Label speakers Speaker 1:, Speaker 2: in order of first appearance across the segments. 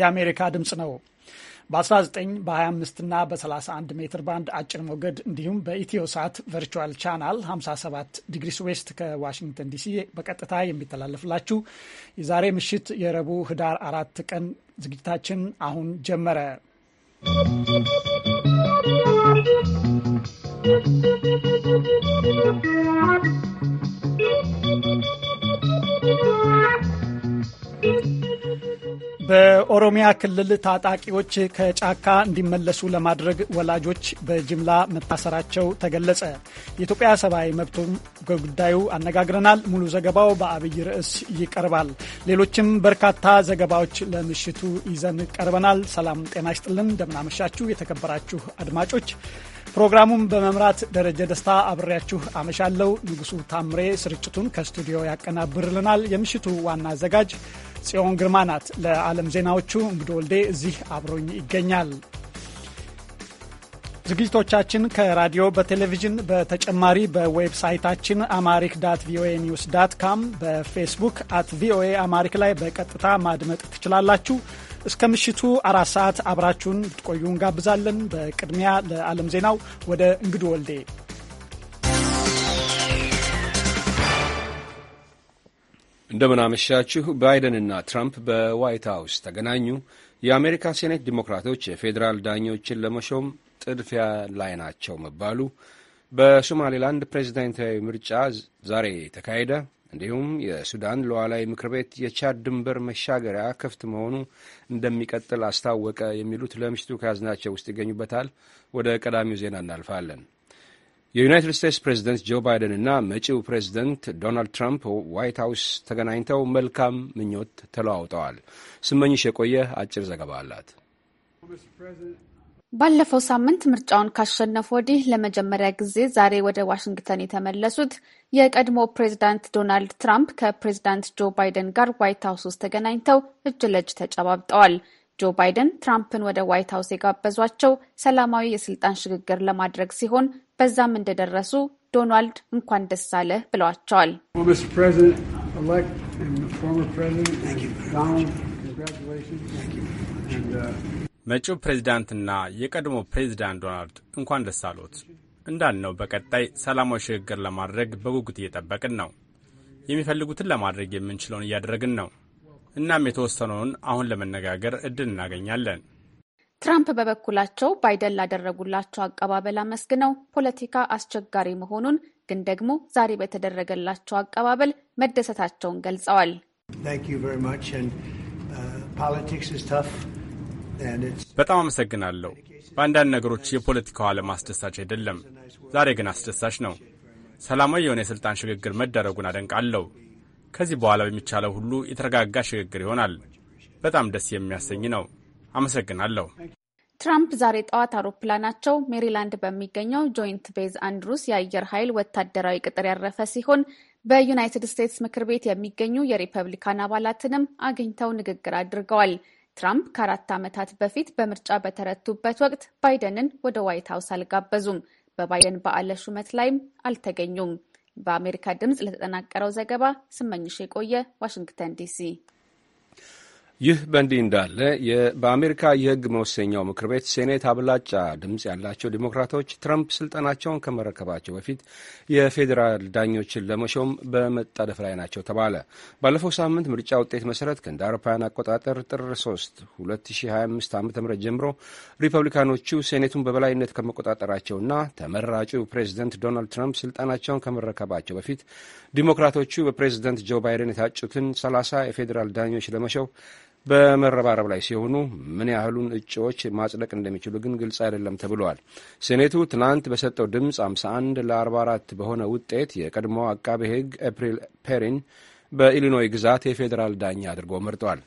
Speaker 1: የአሜሪካ ድምፅ ነው። በ19 በ25 እና በ31 ሜትር ባንድ አጭር ሞገድ እንዲሁም በኢትዮ ሳት ቨርቹዋል ቻናል 57 ዲግሪስ ዌስት ከዋሽንግተን ዲሲ በቀጥታ የሚተላለፍላችሁ የዛሬ ምሽት የረቡዕ ህዳር አራት ቀን ዝግጅታችን አሁን ጀመረ። ¶¶ በኦሮሚያ ክልል ታጣቂዎች ከጫካ እንዲመለሱ ለማድረግ ወላጆች በጅምላ መታሰራቸው ተገለጸ። የኢትዮጵያ ሰብአዊ መብቱም ጉዳዩ አነጋግረናል። ሙሉ ዘገባው በአብይ ርዕስ ይቀርባል። ሌሎችም በርካታ ዘገባዎች ለምሽቱ ይዘን ቀርበናል። ሰላም ጤና ይስጥልን። እንደምናመሻችሁ የተከበራችሁ አድማጮች ፕሮግራሙን በመምራት ደረጀ ደስታ አብሬያችሁ አመሻለሁ። ንጉሱ ታምሬ ስርጭቱን ከስቱዲዮ ያቀናብርልናል። የምሽቱ ዋና አዘጋጅ ጽዮን ግርማ ናት። ለዓለም ዜናዎቹ እንግዶ ወልዴ እዚህ አብሮኝ ይገኛል። ዝግጅቶቻችን ከራዲዮ በቴሌቪዥን በተጨማሪ በዌብሳይታችን አማሪክ ዳት ቪኦኤ ኒውስ ዳት ካም በፌስቡክ አት ቪኦኤ አማሪክ ላይ በቀጥታ ማድመጥ ትችላላችሁ። እስከ ምሽቱ አራት ሰዓት አብራችሁን ልትቆዩ እንጋብዛለን። በቅድሚያ ለዓለም ዜናው ወደ እንግዱ ወልዴ
Speaker 2: እንደምናመሻችሁ። ባይደንና ትራምፕ በዋይት ሀውስ ተገናኙ። የአሜሪካ ሴኔት ዲሞክራቶች የፌዴራል ዳኞችን ለመሾም ጥድፊያ ላይ ናቸው መባሉ፣ በሶማሌላንድ ፕሬዚዳንታዊ ምርጫ ዛሬ ተካሄደ፣ እንዲሁም የሱዳን ሉዓላዊ ምክር ቤት የቻድ ድንበር መሻገሪያ ክፍት መሆኑ እንደሚቀጥል አስታወቀ። የሚሉት ለምሽቱ ከያዝናቸው ውስጥ ይገኙበታል። ወደ ቀዳሚው ዜና እናልፋለን። የዩናይትድ ስቴትስ ፕሬዚደንት ጆ ባይደን እና መጪው ፕሬዚደንት ዶናልድ ትራምፕ ዋይት ሀውስ ተገናኝተው መልካም ምኞት ተለዋውጠዋል። ስመኝሽ የቆየ አጭር ዘገባ አላት።
Speaker 3: ባለፈው ሳምንት ምርጫውን ካሸነፉ ወዲህ ለመጀመሪያ ጊዜ ዛሬ ወደ ዋሽንግተን የተመለሱት የቀድሞ ፕሬዚዳንት ዶናልድ ትራምፕ ከፕሬዚዳንት ጆ ባይደን ጋር ዋይት ሀውስ ውስጥ ተገናኝተው እጅ ለእጅ ተጨባብጠዋል። ጆ ባይደን ትራምፕን ወደ ዋይት ሀውስ የጋበዟቸው ሰላማዊ የስልጣን ሽግግር ለማድረግ ሲሆን በዛም እንደደረሱ ዶናልድ እንኳን ደስ አለ ብለዋቸዋል።
Speaker 4: uh,
Speaker 5: መጪው ፕሬዚዳንትና የቀድሞ ፕሬዚዳንት ዶናልድ እንኳን ደስ አሎት። እንዳልነው በቀጣይ ሰላማዊ ሽግግር ለማድረግ በጉጉት እየጠበቅን ነው። የሚፈልጉትን ለማድረግ የምንችለውን እያደረግን ነው። እናም የተወሰነውን አሁን ለመነጋገር እድል እናገኛለን።
Speaker 3: ትራምፕ በበኩላቸው ባይደን ላደረጉላቸው አቀባበል አመስግነው ፖለቲካ አስቸጋሪ መሆኑን ግን ደግሞ ዛሬ በተደረገላቸው አቀባበል መደሰታቸውን ገልጸዋል።
Speaker 1: uh,
Speaker 5: በጣም አመሰግናለሁ። በአንዳንድ ነገሮች የፖለቲካው ዓለም አስደሳች አይደለም። ዛሬ ግን አስደሳች ነው። ሰላማዊ የሆነ የሥልጣን ሽግግር መደረጉን አደንቃለሁ። ከዚህ በኋላ በሚቻለው ሁሉ የተረጋጋ ሽግግር ይሆናል። በጣም ደስ የሚያሰኝ ነው። አመሰግናለሁ።
Speaker 3: ትራምፕ ዛሬ ጠዋት አውሮፕላናቸው ሜሪላንድ በሚገኘው ጆይንት ቤዝ አንድሩስ የአየር ኃይል ወታደራዊ ቅጥር ያረፈ ሲሆን በዩናይትድ ስቴትስ ምክር ቤት የሚገኙ የሪፐብሊካን አባላትንም አግኝተው ንግግር አድርገዋል። ትራምፕ ከአራት ዓመታት በፊት በምርጫ በተረቱበት ወቅት ባይደንን ወደ ዋይት ሀውስ አልጋበዙም። በባይደን በዓለ ሹመት ላይም አልተገኙም። በአሜሪካ ድምፅ ለተጠናቀረው ዘገባ ስመኝሽ የቆየ ዋሽንግተን ዲሲ
Speaker 2: ይህ በእንዲህ እንዳለ በአሜሪካ የሕግ መወሰኛው ምክር ቤት ሴኔት አብላጫ ድምፅ ያላቸው ዲሞክራቶች ትረምፕ ስልጠናቸውን ከመረከባቸው በፊት የፌዴራል ዳኞችን ለመሾም በመጣደፍ ላይ ናቸው ተባለ። ባለፈው ሳምንት ምርጫ ውጤት መሰረት እንደ አውሮፓውያን አቆጣጠር ጥር 3 2025 ዓ ም ጀምሮ ሪፐብሊካኖቹ ሴኔቱን በበላይነት ከመቆጣጠራቸውና ተመራጩ ፕሬዚደንት ዶናልድ ትረምፕ ስልጠናቸውን ከመረከባቸው በፊት ዲሞክራቶቹ በፕሬዚደንት ጆ ባይደን የታጩትን 30 የፌዴራል ዳኞች ለመሾው በመረባረብ ላይ ሲሆኑ ምን ያህሉን እጩዎች ማጽደቅ እንደሚችሉ ግን ግልጽ አይደለም ተብለዋል። ሴኔቱ ትናንት በሰጠው ድምፅ 51 ለ44 በሆነ ውጤት የቀድሞ አቃቤ ሕግ ኤፕሪል ፔሪን በኢሊኖይ ግዛት የፌዴራል ዳኛ አድርጎ መርጧል።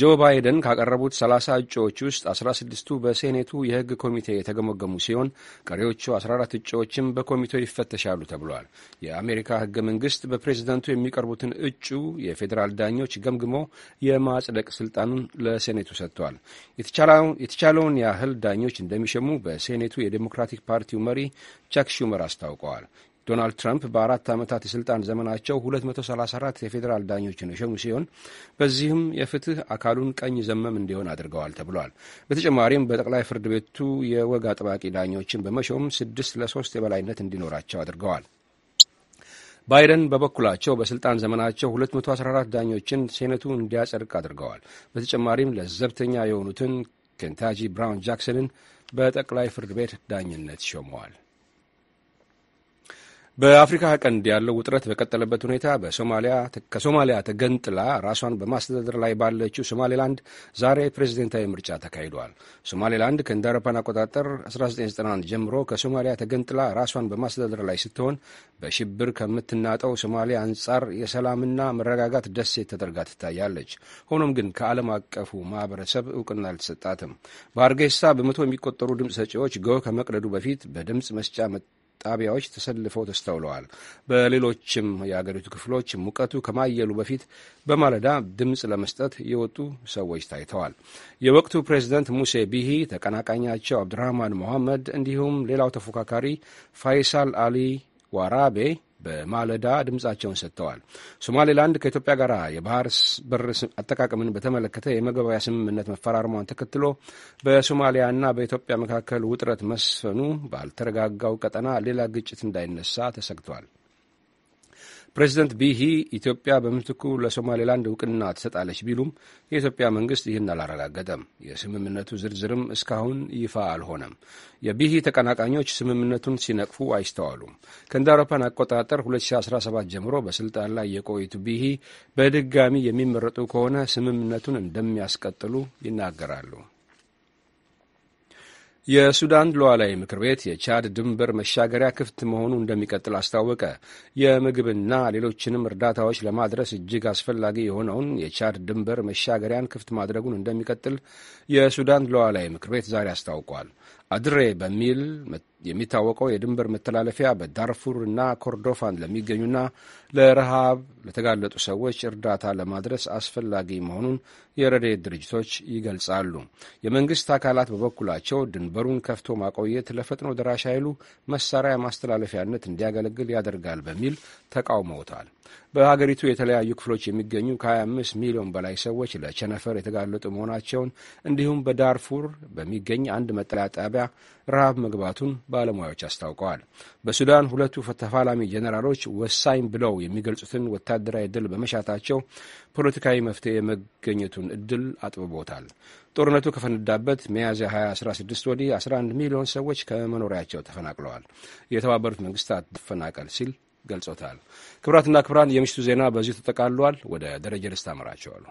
Speaker 2: ጆ ባይደን ካቀረቡት 30 እጩዎች ውስጥ 16ቱ በሴኔቱ የሕግ ኮሚቴ የተገመገሙ ሲሆን ቀሪዎቹ 14 እጩዎችም በኮሚቴው ይፈተሻሉ ተብሏል። የአሜሪካ ሕገ መንግሥት በፕሬዝደንቱ የሚቀርቡትን እጩ የፌዴራል ዳኞች ገምግሞ የማጽደቅ ስልጣኑን ለሴኔቱ ሰጥቷል። የተቻለውን ያህል ዳኞች እንደሚሸሙ በሴኔቱ የዴሞክራቲክ ፓርቲው መሪ ቻክ ሹመር አስታውቀዋል። ዶናልድ ትራምፕ በአራት ዓመታት የሥልጣን ዘመናቸው 234 የፌዴራል ዳኞችን የሾሙ ሲሆን በዚህም የፍትህ አካሉን ቀኝ ዘመም እንዲሆን አድርገዋል ተብሏል። በተጨማሪም በጠቅላይ ፍርድ ቤቱ የወግ አጥባቂ ዳኞችን በመሾም ስድስት ለሶስት የበላይነት እንዲኖራቸው አድርገዋል። ባይደን በበኩላቸው በስልጣን ዘመናቸው 214 ዳኞችን ሴኔቱ እንዲያጸድቅ አድርገዋል። በተጨማሪም ለዘብተኛ የሆኑትን ኬንታጂ ብራውን ጃክሰንን በጠቅላይ ፍርድ ቤት ዳኝነት ሾመዋል። በአፍሪካ ቀንድ ያለው ውጥረት በቀጠለበት ሁኔታ ከሶማሊያ ተገንጥላ ራሷን በማስተዳደር ላይ ባለችው ሶማሌላንድ ዛሬ ፕሬዚደንታዊ ምርጫ ተካሂዷል። ሶማሌላንድ ከእንደ አቆጣጠር 1991 ጀምሮ ከሶማሊያ ተገንጥላ ራሷን በማስተዳደር ላይ ስትሆን በሽብር ከምትናጠው ሶማሊያ አንጻር የሰላምና መረጋጋት ደሴት ተደርጋ ትታያለች። ሆኖም ግን ከዓለም አቀፉ ማህበረሰብ እውቅና አልተሰጣትም። በአርጌሳ በመቶ የሚቆጠሩ ድምፅ ሰጪዎች ጎህ ከመቅደዱ በፊት በድምፅ መስጫ ጣቢያዎች ተሰልፈው ተስተውለዋል። በሌሎችም የአገሪቱ ክፍሎች ሙቀቱ ከማየሉ በፊት በማለዳ ድምፅ ለመስጠት የወጡ ሰዎች ታይተዋል። የወቅቱ ፕሬዚደንት ሙሴ ቢሂ፣ ተቀናቃኛቸው አብዱራህማን ሞሐመድ እንዲሁም ሌላው ተፎካካሪ ፋይሳል አሊ ዋራቤ በማለዳ ድምፃቸውን ሰጥተዋል። ሶማሌላንድ ከኢትዮጵያ ጋር የባህር በር አጠቃቀምን በተመለከተ የመግባቢያ ስምምነት መፈራረሟን ተከትሎ በሶማሊያና በኢትዮጵያ መካከል ውጥረት መስፈኑ ባልተረጋጋው ቀጠና ሌላ ግጭት እንዳይነሳ ተሰግቷል። ፕሬዚደንት ቢሂ ኢትዮጵያ በምትኩ ለሶማሌላንድ እውቅና ትሰጣለች ቢሉም የኢትዮጵያ መንግስት ይህን አላረጋገጠም። የስምምነቱ ዝርዝርም እስካሁን ይፋ አልሆነም። የቢሂ ተቀናቃኞች ስምምነቱን ሲነቅፉ አይስተዋሉም። ከእንደ አውሮፓን አቆጣጠር 2017 ጀምሮ በስልጣን ላይ የቆይቱ ቢሂ በድጋሚ የሚመረጡ ከሆነ ስምምነቱን እንደሚያስቀጥሉ ይናገራሉ። የሱዳን ሉዓላዊ ምክር ቤት የቻድ ድንበር መሻገሪያ ክፍት መሆኑ እንደሚቀጥል አስታወቀ። የምግብና ሌሎችንም እርዳታዎች ለማድረስ እጅግ አስፈላጊ የሆነውን የቻድ ድንበር መሻገሪያን ክፍት ማድረጉን እንደሚቀጥል የሱዳን ሉዓላዊ ምክር ቤት ዛሬ አስታውቋል። አድሬ በሚል የሚታወቀው የድንበር መተላለፊያ በዳርፉር እና ኮርዶፋን ለሚገኙና ለረሃብ ለተጋለጡ ሰዎች እርዳታ ለማድረስ አስፈላጊ መሆኑን የረድኤት ድርጅቶች ይገልጻሉ። የመንግስት አካላት በበኩላቸው ድንበሩን ከፍቶ ማቆየት ለፈጥኖ ደራሽ ኃይሉ መሳሪያ ማስተላለፊያነት እንዲያገለግል ያደርጋል በሚል ተቃውመውታል። በሀገሪቱ የተለያዩ ክፍሎች የሚገኙ ከ25 ሚሊዮን በላይ ሰዎች ለቸነፈር የተጋለጡ መሆናቸውን እንዲሁም በዳርፉር በሚገኝ አንድ መጠለያ ጣቢያ ረሃብ መግባቱን ባለሙያዎች አስታውቀዋል። በሱዳን ሁለቱ ተፋላሚ ጀኔራሎች ወሳኝ ብለው የሚገልጹትን ወታደራዊ ድል በመሻታቸው ፖለቲካዊ መፍትሄ የመገኘቱን እድል አጥብቦታል። ጦርነቱ ከፈነዳበት ሚያዝያ 2016 ወዲህ 11 ሚሊዮን ሰዎች ከመኖሪያቸው ተፈናቅለዋል። የተባበሩት መንግስታት ተፈናቀል ሲል ገልጾታል። ክብራትና ክብራን የምሽቱ ዜና በዚሁ ተጠቃሏል። ወደ ደረጀ ደስታ አመራቸዋሉ።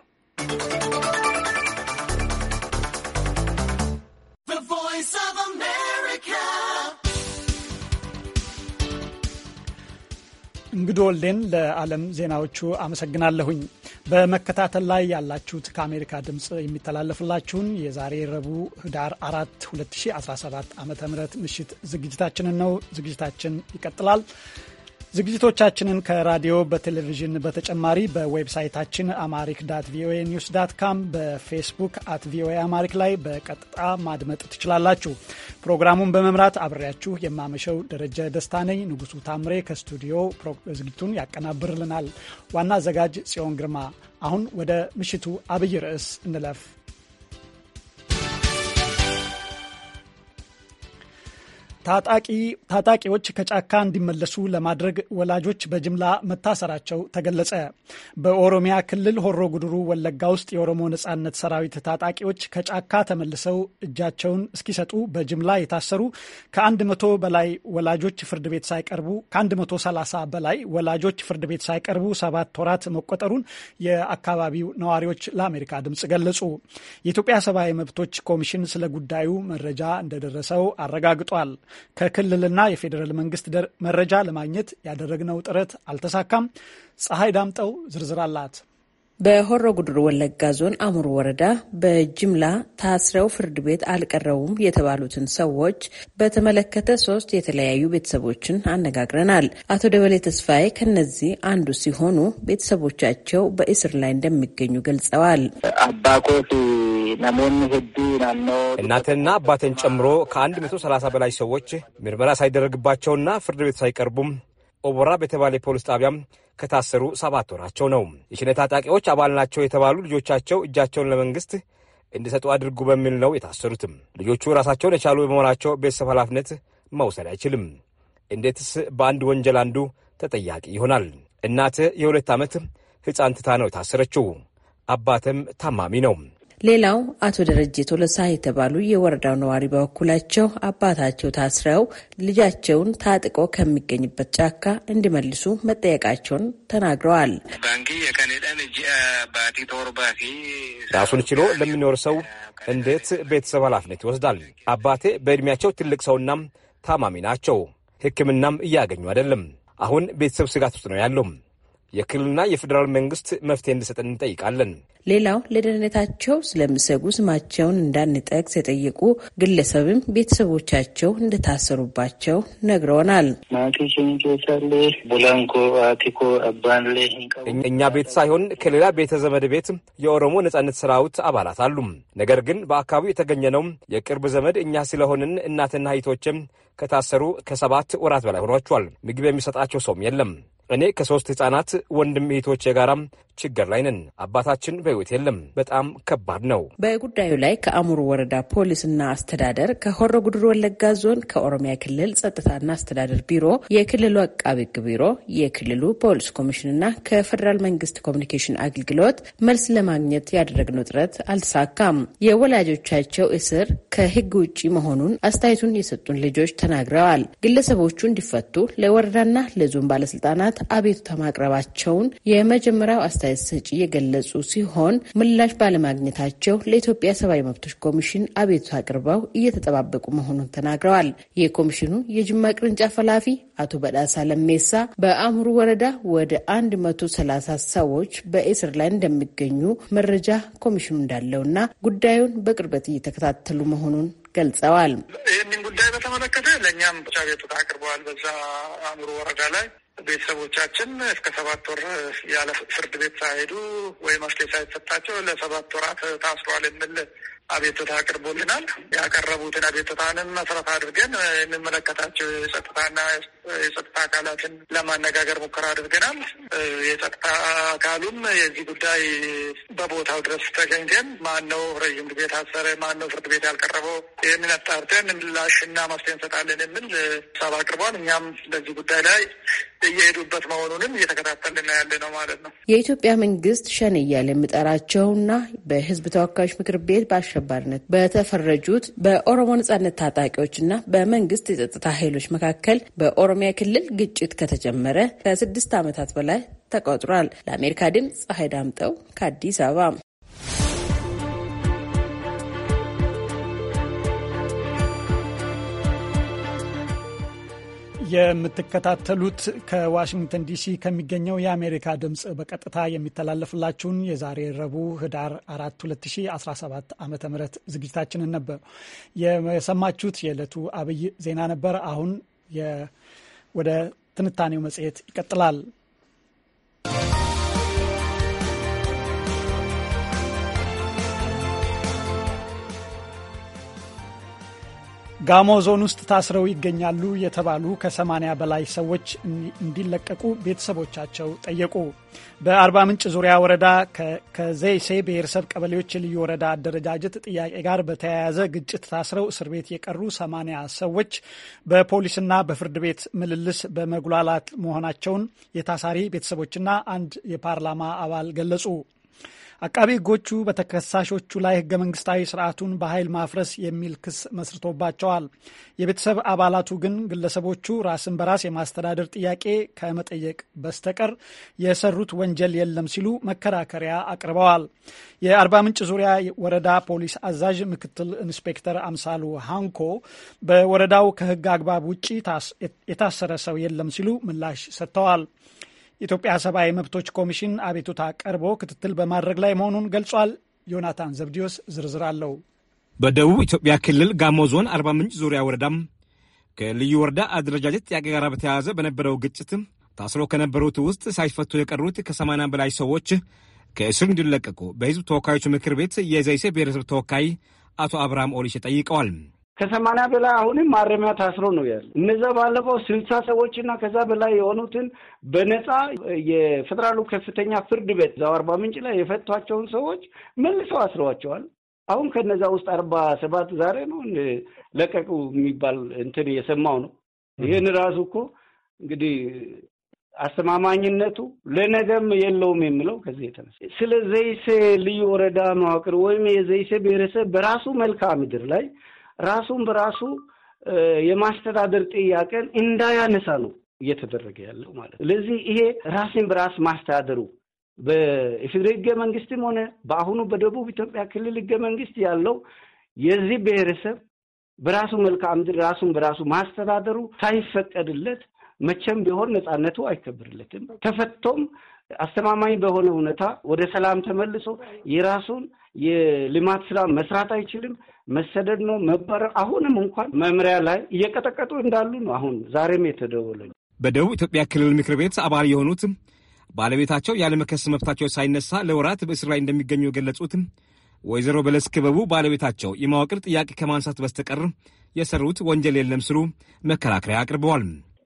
Speaker 1: እንግዶ ወልዴን ለዓለም ዜናዎቹ አመሰግናለሁኝ። በመከታተል ላይ ያላችሁት ከአሜሪካ ድምፅ የሚተላለፍላችሁን የዛሬ ረቡዕ ህዳር 4 2017 ዓ ም ምሽት ዝግጅታችንን ነው። ዝግጅታችን ይቀጥላል። ዝግጅቶቻችንን ከራዲዮ በቴሌቪዥን በተጨማሪ በዌብሳይታችን አማሪክ ዳት ቪኦኤ ኒውስ ዳት ካም በፌስቡክ አት ቪኦኤ አማሪክ ላይ በቀጥታ ማድመጥ ትችላላችሁ። ፕሮግራሙን በመምራት አብሬያችሁ የማመሸው ደረጀ ደስታ ነኝ። ንጉሱ ታምሬ ከስቱዲዮ ዝግጅቱን ያቀናብርልናል። ዋና አዘጋጅ ጽዮን ግርማ። አሁን ወደ ምሽቱ አብይ ርዕስ እንለፍ። ታጣቂዎች ከጫካ እንዲመለሱ ለማድረግ ወላጆች በጅምላ መታሰራቸው ተገለጸ። በኦሮሚያ ክልል ሆሮ ጉድሩ ወለጋ ውስጥ የኦሮሞ ነጻነት ሰራዊት ታጣቂዎች ከጫካ ተመልሰው እጃቸውን እስኪሰጡ በጅምላ የታሰሩ ከአንድ መቶ በላይ ወላጆች ፍርድ ቤት ሳይቀርቡ ከአንድ መቶ ሰላሳ በላይ ወላጆች ፍርድ ቤት ሳይቀርቡ ሰባት ወራት መቆጠሩን የአካባቢው ነዋሪዎች ለአሜሪካ ድምጽ ገለጹ። የኢትዮጵያ ሰብአዊ መብቶች ኮሚሽን ስለ ጉዳዩ መረጃ እንደደረሰው አረጋግጧል። ከክልልና የፌዴራል መንግስት መረጃ ለማግኘት ያደረግነው ጥረት አልተሳካም። ፀሐይ ዳምጠው ዝርዝር አላት።
Speaker 6: በሆሮ ጉድሩ ወለጋ ዞን አሙር ወረዳ በጅምላ ታስረው ፍርድ ቤት አልቀረቡም የተባሉትን ሰዎች በተመለከተ ሶስት የተለያዩ ቤተሰቦችን አነጋግረናል። አቶ ደበሌ ተስፋዬ ከነዚህ አንዱ ሲሆኑ ቤተሰቦቻቸው በእስር ላይ እንደሚገኙ ገልጸዋል።
Speaker 7: አባኮት ነሞን ህዱ ናኖ እናትንና አባትን ጨምሮ ከአንድ መቶ ሰላሳ በላይ ሰዎች ምርመራ ሳይደረግባቸውና ፍርድ ቤት ሳይቀርቡም ኦቦራ በተባለ ፖሊስ ጣቢያም ከታሰሩ ሰባት ወራቸው ነው። የሸኔ ታጣቂዎች አባል ናቸው የተባሉ ልጆቻቸው እጃቸውን ለመንግስት እንዲሰጡ አድርጉ በሚል ነው የታሰሩትም። ልጆቹ ራሳቸውን የቻሉ በመሆናቸው ቤተሰብ ኃላፊነት መውሰድ አይችልም። እንዴትስ በአንድ ወንጀል አንዱ ተጠያቂ ይሆናል? እናት የሁለት ዓመት ሕፃን ትታ ነው የታሰረችው። አባትም
Speaker 6: ታማሚ ነው። ሌላው አቶ ደረጀ ቶለሳ የተባሉ የወረዳው ነዋሪ በበኩላቸው አባታቸው ታስረው ልጃቸውን ታጥቆ ከሚገኝበት ጫካ እንዲመልሱ መጠየቃቸውን ተናግረዋል።
Speaker 7: ራሱን ችሎ ለሚኖር ሰው እንዴት ቤተሰብ ኃላፊነት ይወስዳል? አባቴ በዕድሜያቸው ትልቅ ሰውና ታማሚ ናቸው። ሕክምናም እያገኙ አይደለም። አሁን ቤተሰብ ስጋት ውስጥ ነው ያለው። የክልልና የፌዴራል መንግስት መፍትሄ እንዲሰጠን እንጠይቃለን።
Speaker 6: ሌላው ለደህንነታቸው ስለሚሰጉ ስማቸውን እንዳንጠቅስ የጠየቁ ግለሰብም ቤተሰቦቻቸው እንደታሰሩባቸው ነግረውናል።
Speaker 7: እኛ ቤት ሳይሆን ከሌላ ቤተ ዘመድ ቤት የኦሮሞ ነጻነት ሰራዊት አባላት አሉ። ነገር ግን በአካባቢው የተገኘነው የቅርብ ዘመድ እኛ ስለሆንን እናትና እህቶችም ከታሰሩ ከሰባት ወራት በላይ ሆኗቸዋል። ምግብ የሚሰጣቸው ሰውም የለም። እኔ ከሶስት ህጻናት ወንድም እህቶቼ ጋራም ችግር ላይ ነን። አባታችን በህይወት የለም። በጣም ከባድ ነው።
Speaker 6: በጉዳዩ ላይ ከአሙሩ ወረዳ ፖሊስና አስተዳደር፣ ከሆሮ ጉድሩ ወለጋ ዞን፣ ከኦሮሚያ ክልል ጸጥታና አስተዳደር ቢሮ፣ የክልሉ አቃቢ ህግ ቢሮ፣ የክልሉ ፖሊስ ኮሚሽንና ከፌዴራል መንግስት ኮሚኒኬሽን አገልግሎት መልስ ለማግኘት ያደረግነው ጥረት አልተሳካም። የወላጆቻቸው እስር ከህግ ውጭ መሆኑን አስተያየቱን የሰጡን ልጆች ተናግረዋል። ግለሰቦቹ እንዲፈቱ ለወረዳና ለዞን ባለስልጣናት አቤቱታ ማቅረባቸውን የመጀመሪያው አስተያየት ሰጪ የገለጹ ሲሆን ምላሽ ባለማግኘታቸው ለኢትዮጵያ ሰብአዊ መብቶች ኮሚሽን አቤቱታ አቅርበው እየተጠባበቁ መሆኑን ተናግረዋል። የኮሚሽኑ የጅማ ቅርንጫፍ ኃላፊ አቶ በዳሳ ለሜሳ በአእምሩ ወረዳ ወደ 130 ሰዎች በእስር ላይ እንደሚገኙ መረጃ ኮሚሽኑ እንዳለውና ጉዳዩን በቅርበት እየተከታተሉ መሆኑን ገልጸዋል።
Speaker 8: ይህንን ጉዳይ በተመለከተ ለእኛም
Speaker 6: ብቻ ቤቱ አቅርበዋል። በዛ አእምሮ ወረዳ ላይ
Speaker 1: ቤተሰቦቻችን እስከ ሰባት ወር ያለ ፍርድ ቤት ሳይሄዱ ወይ መፍትሄ ሳይሰጣቸው ለሰባት ወራት ታስሯል የሚል አቤቱታ አቅርቦልናል። ያቀረቡትን አቤቱታንም
Speaker 4: መሰረት አድርገን የሚመለከታቸው የጸጥታና የጸጥታ አካላትን ለማነጋገር
Speaker 1: ሙከራ አድርገናል። የጸጥታ አካሉም የዚህ ጉዳይ በቦታው ድረስ ተገኝተን ማነው ረዥም ጊዜ ማን ነው ፍርድ ቤት ያልቀረበው፣ ይህንን አጣርተን ምላሽና መፍትሄ እንሰጣለን የሚል ሀሳብ አቅርቧል። እኛም በዚህ ጉዳይ ላይ እየሄዱበት
Speaker 9: መሆኑንም እየተከታተልን
Speaker 6: ያለ ነው ማለት ነው። የኢትዮጵያ መንግስት ሸኔ እያለ የሚጠራቸውና በህዝብ ተወካዮች ምክር ቤት በአሸባሪነት በተፈረጁት በኦሮሞ ነጻነት ታጣቂዎችና በመንግስት የጸጥታ ኃይሎች መካከል በኦሮ በኦሮሚያ ክልል ግጭት ከተጀመረ ከስድስት ዓመታት በላይ ተቆጥሯል። ለአሜሪካ ድምፅ ፀሐይ ዳምጠው ከአዲስ አበባ።
Speaker 1: የምትከታተሉት ከዋሽንግተን ዲሲ ከሚገኘው የአሜሪካ ድምፅ በቀጥታ የሚተላለፍላችሁን የዛሬ ረቡዕ ህዳር 4 2017 ዓ ም ዝግጅታችንን ነበር የሰማችሁት። የዕለቱ አብይ ዜና ነበር። አሁን ወደ ትንታኔው መጽሔት ይቀጥላል። ጋሞ ዞን ውስጥ ታስረው ይገኛሉ የተባሉ ከ80 በላይ ሰዎች እንዲለቀቁ ቤተሰቦቻቸው ጠየቁ። በአርባ ምንጭ ዙሪያ ወረዳ ከዘይሴ ብሔረሰብ ቀበሌዎች የልዩ ወረዳ አደረጃጀት ጥያቄ ጋር በተያያዘ ግጭት ታስረው እስር ቤት የቀሩ 80 ሰዎች በፖሊስና በፍርድ ቤት ምልልስ በመጉላላት መሆናቸውን የታሳሪ ቤተሰቦችና አንድ የፓርላማ አባል ገለጹ። አቃቤ ሕጎቹ በተከሳሾቹ ላይ ህገ መንግስታዊ ስርዓቱን በኃይል ማፍረስ የሚል ክስ መስርቶባቸዋል። የቤተሰብ አባላቱ ግን ግለሰቦቹ ራስን በራስ የማስተዳደር ጥያቄ ከመጠየቅ በስተቀር የሰሩት ወንጀል የለም ሲሉ መከራከሪያ አቅርበዋል። የአርባ ምንጭ ዙሪያ ወረዳ ፖሊስ አዛዥ ምክትል ኢንስፔክተር አምሳሉ ሃንኮ በወረዳው ከህግ አግባብ ውጭ የታሰረ ሰው የለም ሲሉ ምላሽ ሰጥተዋል። የኢትዮጵያ ሰብአዊ መብቶች ኮሚሽን አቤቱታ ቀርቦ ክትትል በማድረግ ላይ መሆኑን ገልጿል። ዮናታን ዘብዲዮስ ዝርዝር አለው።
Speaker 7: በደቡብ ኢትዮጵያ ክልል ጋሞ ዞን አርባ ምንጭ ዙሪያ ወረዳም ከልዩ ወረዳ አደረጃጀት ጥያቄ ጋር በተያያዘ በነበረው ግጭት ታስሮ ከነበሩት ውስጥ ሳይፈቱ የቀሩት ከሰማንያ በላይ ሰዎች ከእስር እንዲለቀቁ በሕዝብ ተወካዮች ምክር ቤት የዘይሴ ብሔረሰብ ተወካይ አቶ አብርሃም ኦሊሼ ጠይቀዋል። ከሰማንያ በላይ
Speaker 4: አሁንም ማረሚያ ታስሮ ነው ያለ። እነዛ ባለፈው ስልሳ ሰዎችና ከዛ በላይ የሆኑትን በነፃ የፌዴራሉ ከፍተኛ ፍርድ ቤት እዛው አርባ ምንጭ ላይ የፈቷቸውን ሰዎች መልሰው አስረዋቸዋል። አሁን ከነዛ ውስጥ አርባ ሰባት ዛሬ ነው ለቀቁ የሚባል እንትን የሰማው ነው። ይህን ራሱ እኮ እንግዲህ አስተማማኝነቱ ለነገም የለውም የምለው ከዚህ የተነሳ ስለ ዘይሴ ልዩ ወረዳ መዋቅር ወይም የዘይሴ ብሔረሰብ በራሱ መልክዓ ምድር ላይ ራሱን በራሱ የማስተዳደር ጥያቄን እንዳያነሳ ነው እየተደረገ ያለው ማለት ስለዚህ ይሄ ራስን በራስ ማስተዳደሩ በኢፌዴሪ ህገ መንግስትም ሆነ በአሁኑ በደቡብ ኢትዮጵያ ክልል ህገ መንግስት ያለው የዚህ ብሔረሰብ በራሱ መልክዓ ምድር ራሱን በራሱ ማስተዳደሩ ሳይፈቀድለት መቼም ቢሆን ነፃነቱ አይከብርለትም። ተፈቶም አስተማማኝ በሆነ ሁኔታ ወደ ሰላም ተመልሶ የራሱን የልማት ስራ መስራት አይችልም። መሰደድ ነው መባረር። አሁንም እንኳን መምሪያ ላይ እየቀጠቀጡ እንዳሉ ነው። አሁን ዛሬም የተደወለኝ
Speaker 7: በደቡብ ኢትዮጵያ ክልል ምክር ቤት አባል የሆኑት ባለቤታቸው ያለመከሰስ መብታቸው ሳይነሳ ለወራት በእስር ላይ እንደሚገኙ የገለጹት ወይዘሮ በለስ ክበቡ ባለቤታቸው የማወቅር ጥያቄ ከማንሳት በስተቀር የሰሩት ወንጀል የለም ሲሉ መከራከሪያ አቅርበዋል።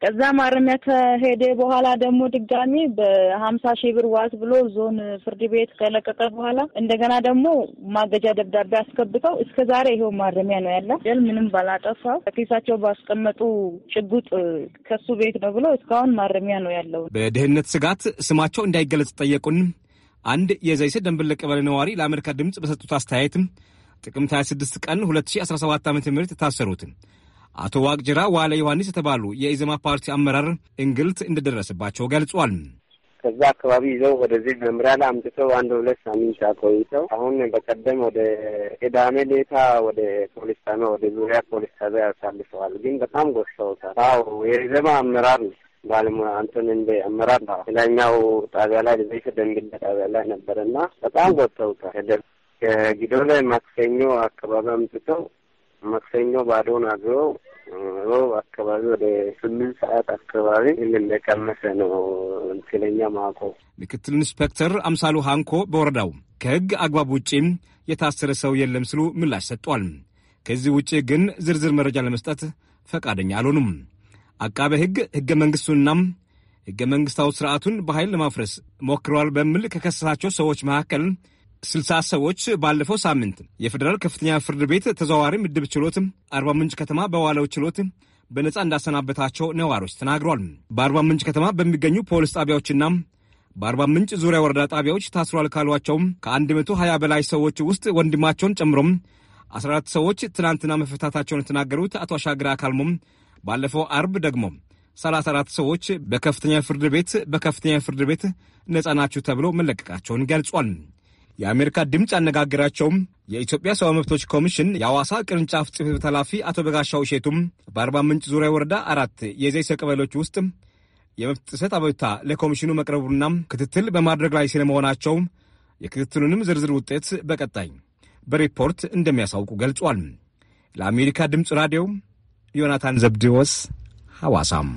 Speaker 10: ከዛ ማረሚያ ከሄደ በኋላ ደግሞ ድጋሚ በሀምሳ ሺህ ብር ዋስ ብሎ ዞን ፍርድ ቤት ከለቀቀ በኋላ እንደገና ደግሞ ማገጃ ደብዳቤ አስከብተው እስከ ዛሬ ይሄው ማረሚያ ነው ያለ ደል ምንም ባላጠፋው ከኪሳቸው ባስቀመጡ ጭጉጥ ከሱ ቤት ነው ብሎ እስካሁን ማረሚያ ነው ያለው።
Speaker 7: በደህንነት ስጋት ስማቸው እንዳይገለጽ ጠየቁን አንድ የዘይሴ ደንብል ቀበሌ ነዋሪ ለአሜሪካ ድምፅ በሰጡት አስተያየት ጥቅምት 26 ቀን 2017 ዓ ም የታሰሩት አቶ ዋቅጅራ ዋለ ዮሐንስ የተባሉ የኢዘማ ፓርቲ አመራር እንግልት እንደደረሰባቸው ገልጿል።
Speaker 4: ከዛ አካባቢ ይዘው ወደዚህ መምሪያ ላይ አምጥተው አንድ ሁለት ሳምንት አቆይተው አሁን በቀደም ወደ ቅዳሜ ሌታ ወደ ፖሊስ ጣቢያ ወደ ዙሪያ ፖሊስ ጣቢያ ያሳልፈዋል። ግን በጣም ጎሽተውታል። አዎ የኢዘማ አመራር ነው ባለሙያ አንተን እንደ አመራር ነው። ሌላኛው ጣቢያ ላይ ዘይት ደንግል ጣቢያ ላይ ነበረና በጣም ጎተውታል።
Speaker 9: ከጊዶ ላይ
Speaker 4: ማክሰኞ አካባቢ አምጥተው ማክሰኞ ባዶን አድሮ ሮብ አካባቢ ወደ ስምንት ሰዓት አካባቢ እንደቀመሰ ነው
Speaker 7: እንትለኛ ማቆ ምክትል ኢንስፔክተር አምሳሉ ሃንኮ በወረዳው ከህግ አግባብ ውጪም የታሰረ ሰው የለም ስሉ ምላሽ ሰጥቷል። ከዚህ ውጪ ግን ዝርዝር መረጃ ለመስጠት ፈቃደኛ አልሆኑም። አቃቤ ህግ ህገ መንግስቱንና ህገ መንግስታዊ ስርዓቱን በኃይል ለማፍረስ ሞክረዋል በሚል ከከሰሳቸው ሰዎች መካከል ስልሳ ሰዎች ባለፈው ሳምንት የፌዴራል ከፍተኛ ፍርድ ቤት ተዘዋዋሪ ምድብ ችሎት አርባ ምንጭ ከተማ በዋለው ችሎት በነፃ እንዳሰናበታቸው ነዋሪዎች ተናግሯል። በአርባ ምንጭ ከተማ በሚገኙ ፖሊስ ጣቢያዎችና በአርባ ምንጭ ዙሪያ ወረዳ ጣቢያዎች ታስሯል ካሏቸውም ከ120 በላይ ሰዎች ውስጥ ወንድማቸውን ጨምሮም 14 ሰዎች ትናንትና መፈታታቸውን የተናገሩት አቶ አሻግር አካልሞም ባለፈው አርብ ደግሞ 34 ሰዎች በከፍተኛ ፍርድ ቤት በከፍተኛ ፍርድ ቤት ነጻ ናችሁ ተብሎ መለቀቃቸውን ገልጿል። የአሜሪካ ድምፅ ያነጋግራቸውም የኢትዮጵያ ሰብአዊ መብቶች ኮሚሽን የአዋሳ ቅርንጫፍ ጽሕፈት ቤት ኃላፊ አቶ በጋሻው እሼቱም በአርባ ምንጭ ዙሪያ ወረዳ አራት የዘይ ቀበሌዎች ውስጥ የመብት ጥሰት አቤቱታ ለኮሚሽኑ መቅረቡና ክትትል በማድረግ ላይ ስለመሆናቸው የክትትሉንም ዝርዝር ውጤት በቀጣይ በሪፖርት እንደሚያሳውቁ ገልጿል። ለአሜሪካ ድምፅ ራዲዮ ዮናታን ዘብዴዎስ ሐዋሳም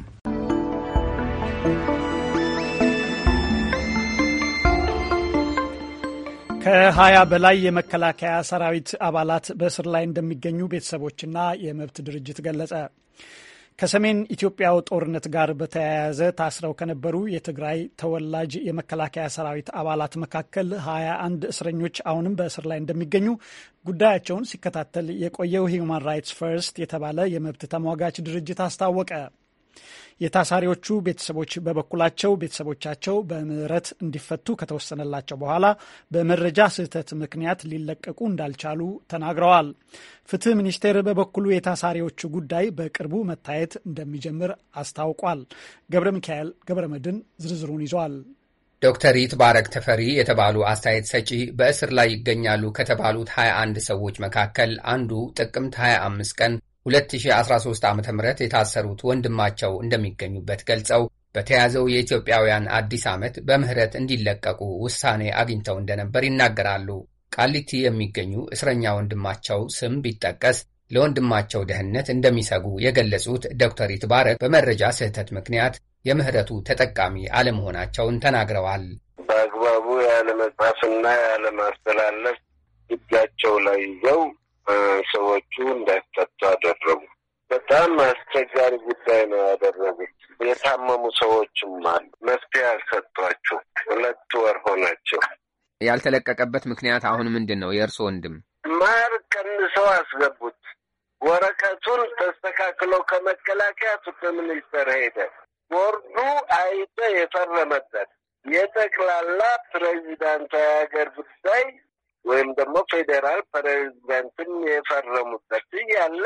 Speaker 1: ከሀያ በላይ የመከላከያ ሰራዊት አባላት በእስር ላይ እንደሚገኙ ቤተሰቦችና የመብት ድርጅት ገለጸ። ከሰሜን ኢትዮጵያው ጦርነት ጋር በተያያዘ ታስረው ከነበሩ የትግራይ ተወላጅ የመከላከያ ሰራዊት አባላት መካከል ሀያ አንድ እስረኞች አሁንም በእስር ላይ እንደሚገኙ ጉዳያቸውን ሲከታተል የቆየው ሂውማን ራይትስ ፈርስት የተባለ የመብት ተሟጋች ድርጅት አስታወቀ። የታሳሪዎቹ ቤተሰቦች በበኩላቸው ቤተሰቦቻቸው በምህረት እንዲፈቱ ከተወሰነላቸው በኋላ በመረጃ ስህተት ምክንያት ሊለቀቁ እንዳልቻሉ ተናግረዋል። ፍትህ ሚኒስቴር በበኩሉ የታሳሪዎቹ ጉዳይ በቅርቡ መታየት እንደሚጀምር አስታውቋል። ገብረ ሚካኤል ገብረ መድን ዝርዝሩን ይዟል።
Speaker 8: ዶክተር ይትባረክ ተፈሪ የተባሉ አስተያየት ሰጪ በእስር ላይ ይገኛሉ ከተባሉት 21 ሰዎች መካከል አንዱ ጥቅምት 25 ቀን 2013 ዓ ም የታሰሩት ወንድማቸው እንደሚገኙበት ገልጸው በተያዘው የኢትዮጵያውያን አዲስ ዓመት በምህረት እንዲለቀቁ ውሳኔ አግኝተው እንደነበር ይናገራሉ። ቃሊቲ የሚገኙ እስረኛ ወንድማቸው ስም ቢጠቀስ ለወንድማቸው ደህንነት እንደሚሰጉ የገለጹት ዶክተር ይትባረክ በመረጃ ስህተት ምክንያት የምህረቱ ተጠቃሚ አለመሆናቸውን ተናግረዋል።
Speaker 4: በአግባቡ ያለመጻፍና ያለማስተላለፍ ሕጋቸው ላይ ይዘው ሰዎቹ እንዳይፈቱ አደረጉ። በጣም አስቸጋሪ ጉዳይ ነው ያደረጉት። የታመሙ ሰዎችም አሉ። መፍትሄ ያልሰጧቸው ሁለት ወር ሆናቸው።
Speaker 8: ያልተለቀቀበት ምክንያት አሁን ምንድን ነው? የእርስ ወንድም
Speaker 4: ማር ቀንሰው አስገቡት። ወረቀቱን ተስተካክለው ከመከላከያ ፍትህ ሚኒስቴር ሄደ። ቦርዱ አይተ የፈረመበት የጠቅላላ ፕሬዚዳንታዊ ሀገር ጉዳይ ወይም ደግሞ ፌዴራል ፕሬዚደንትም የፈረሙበት ያለ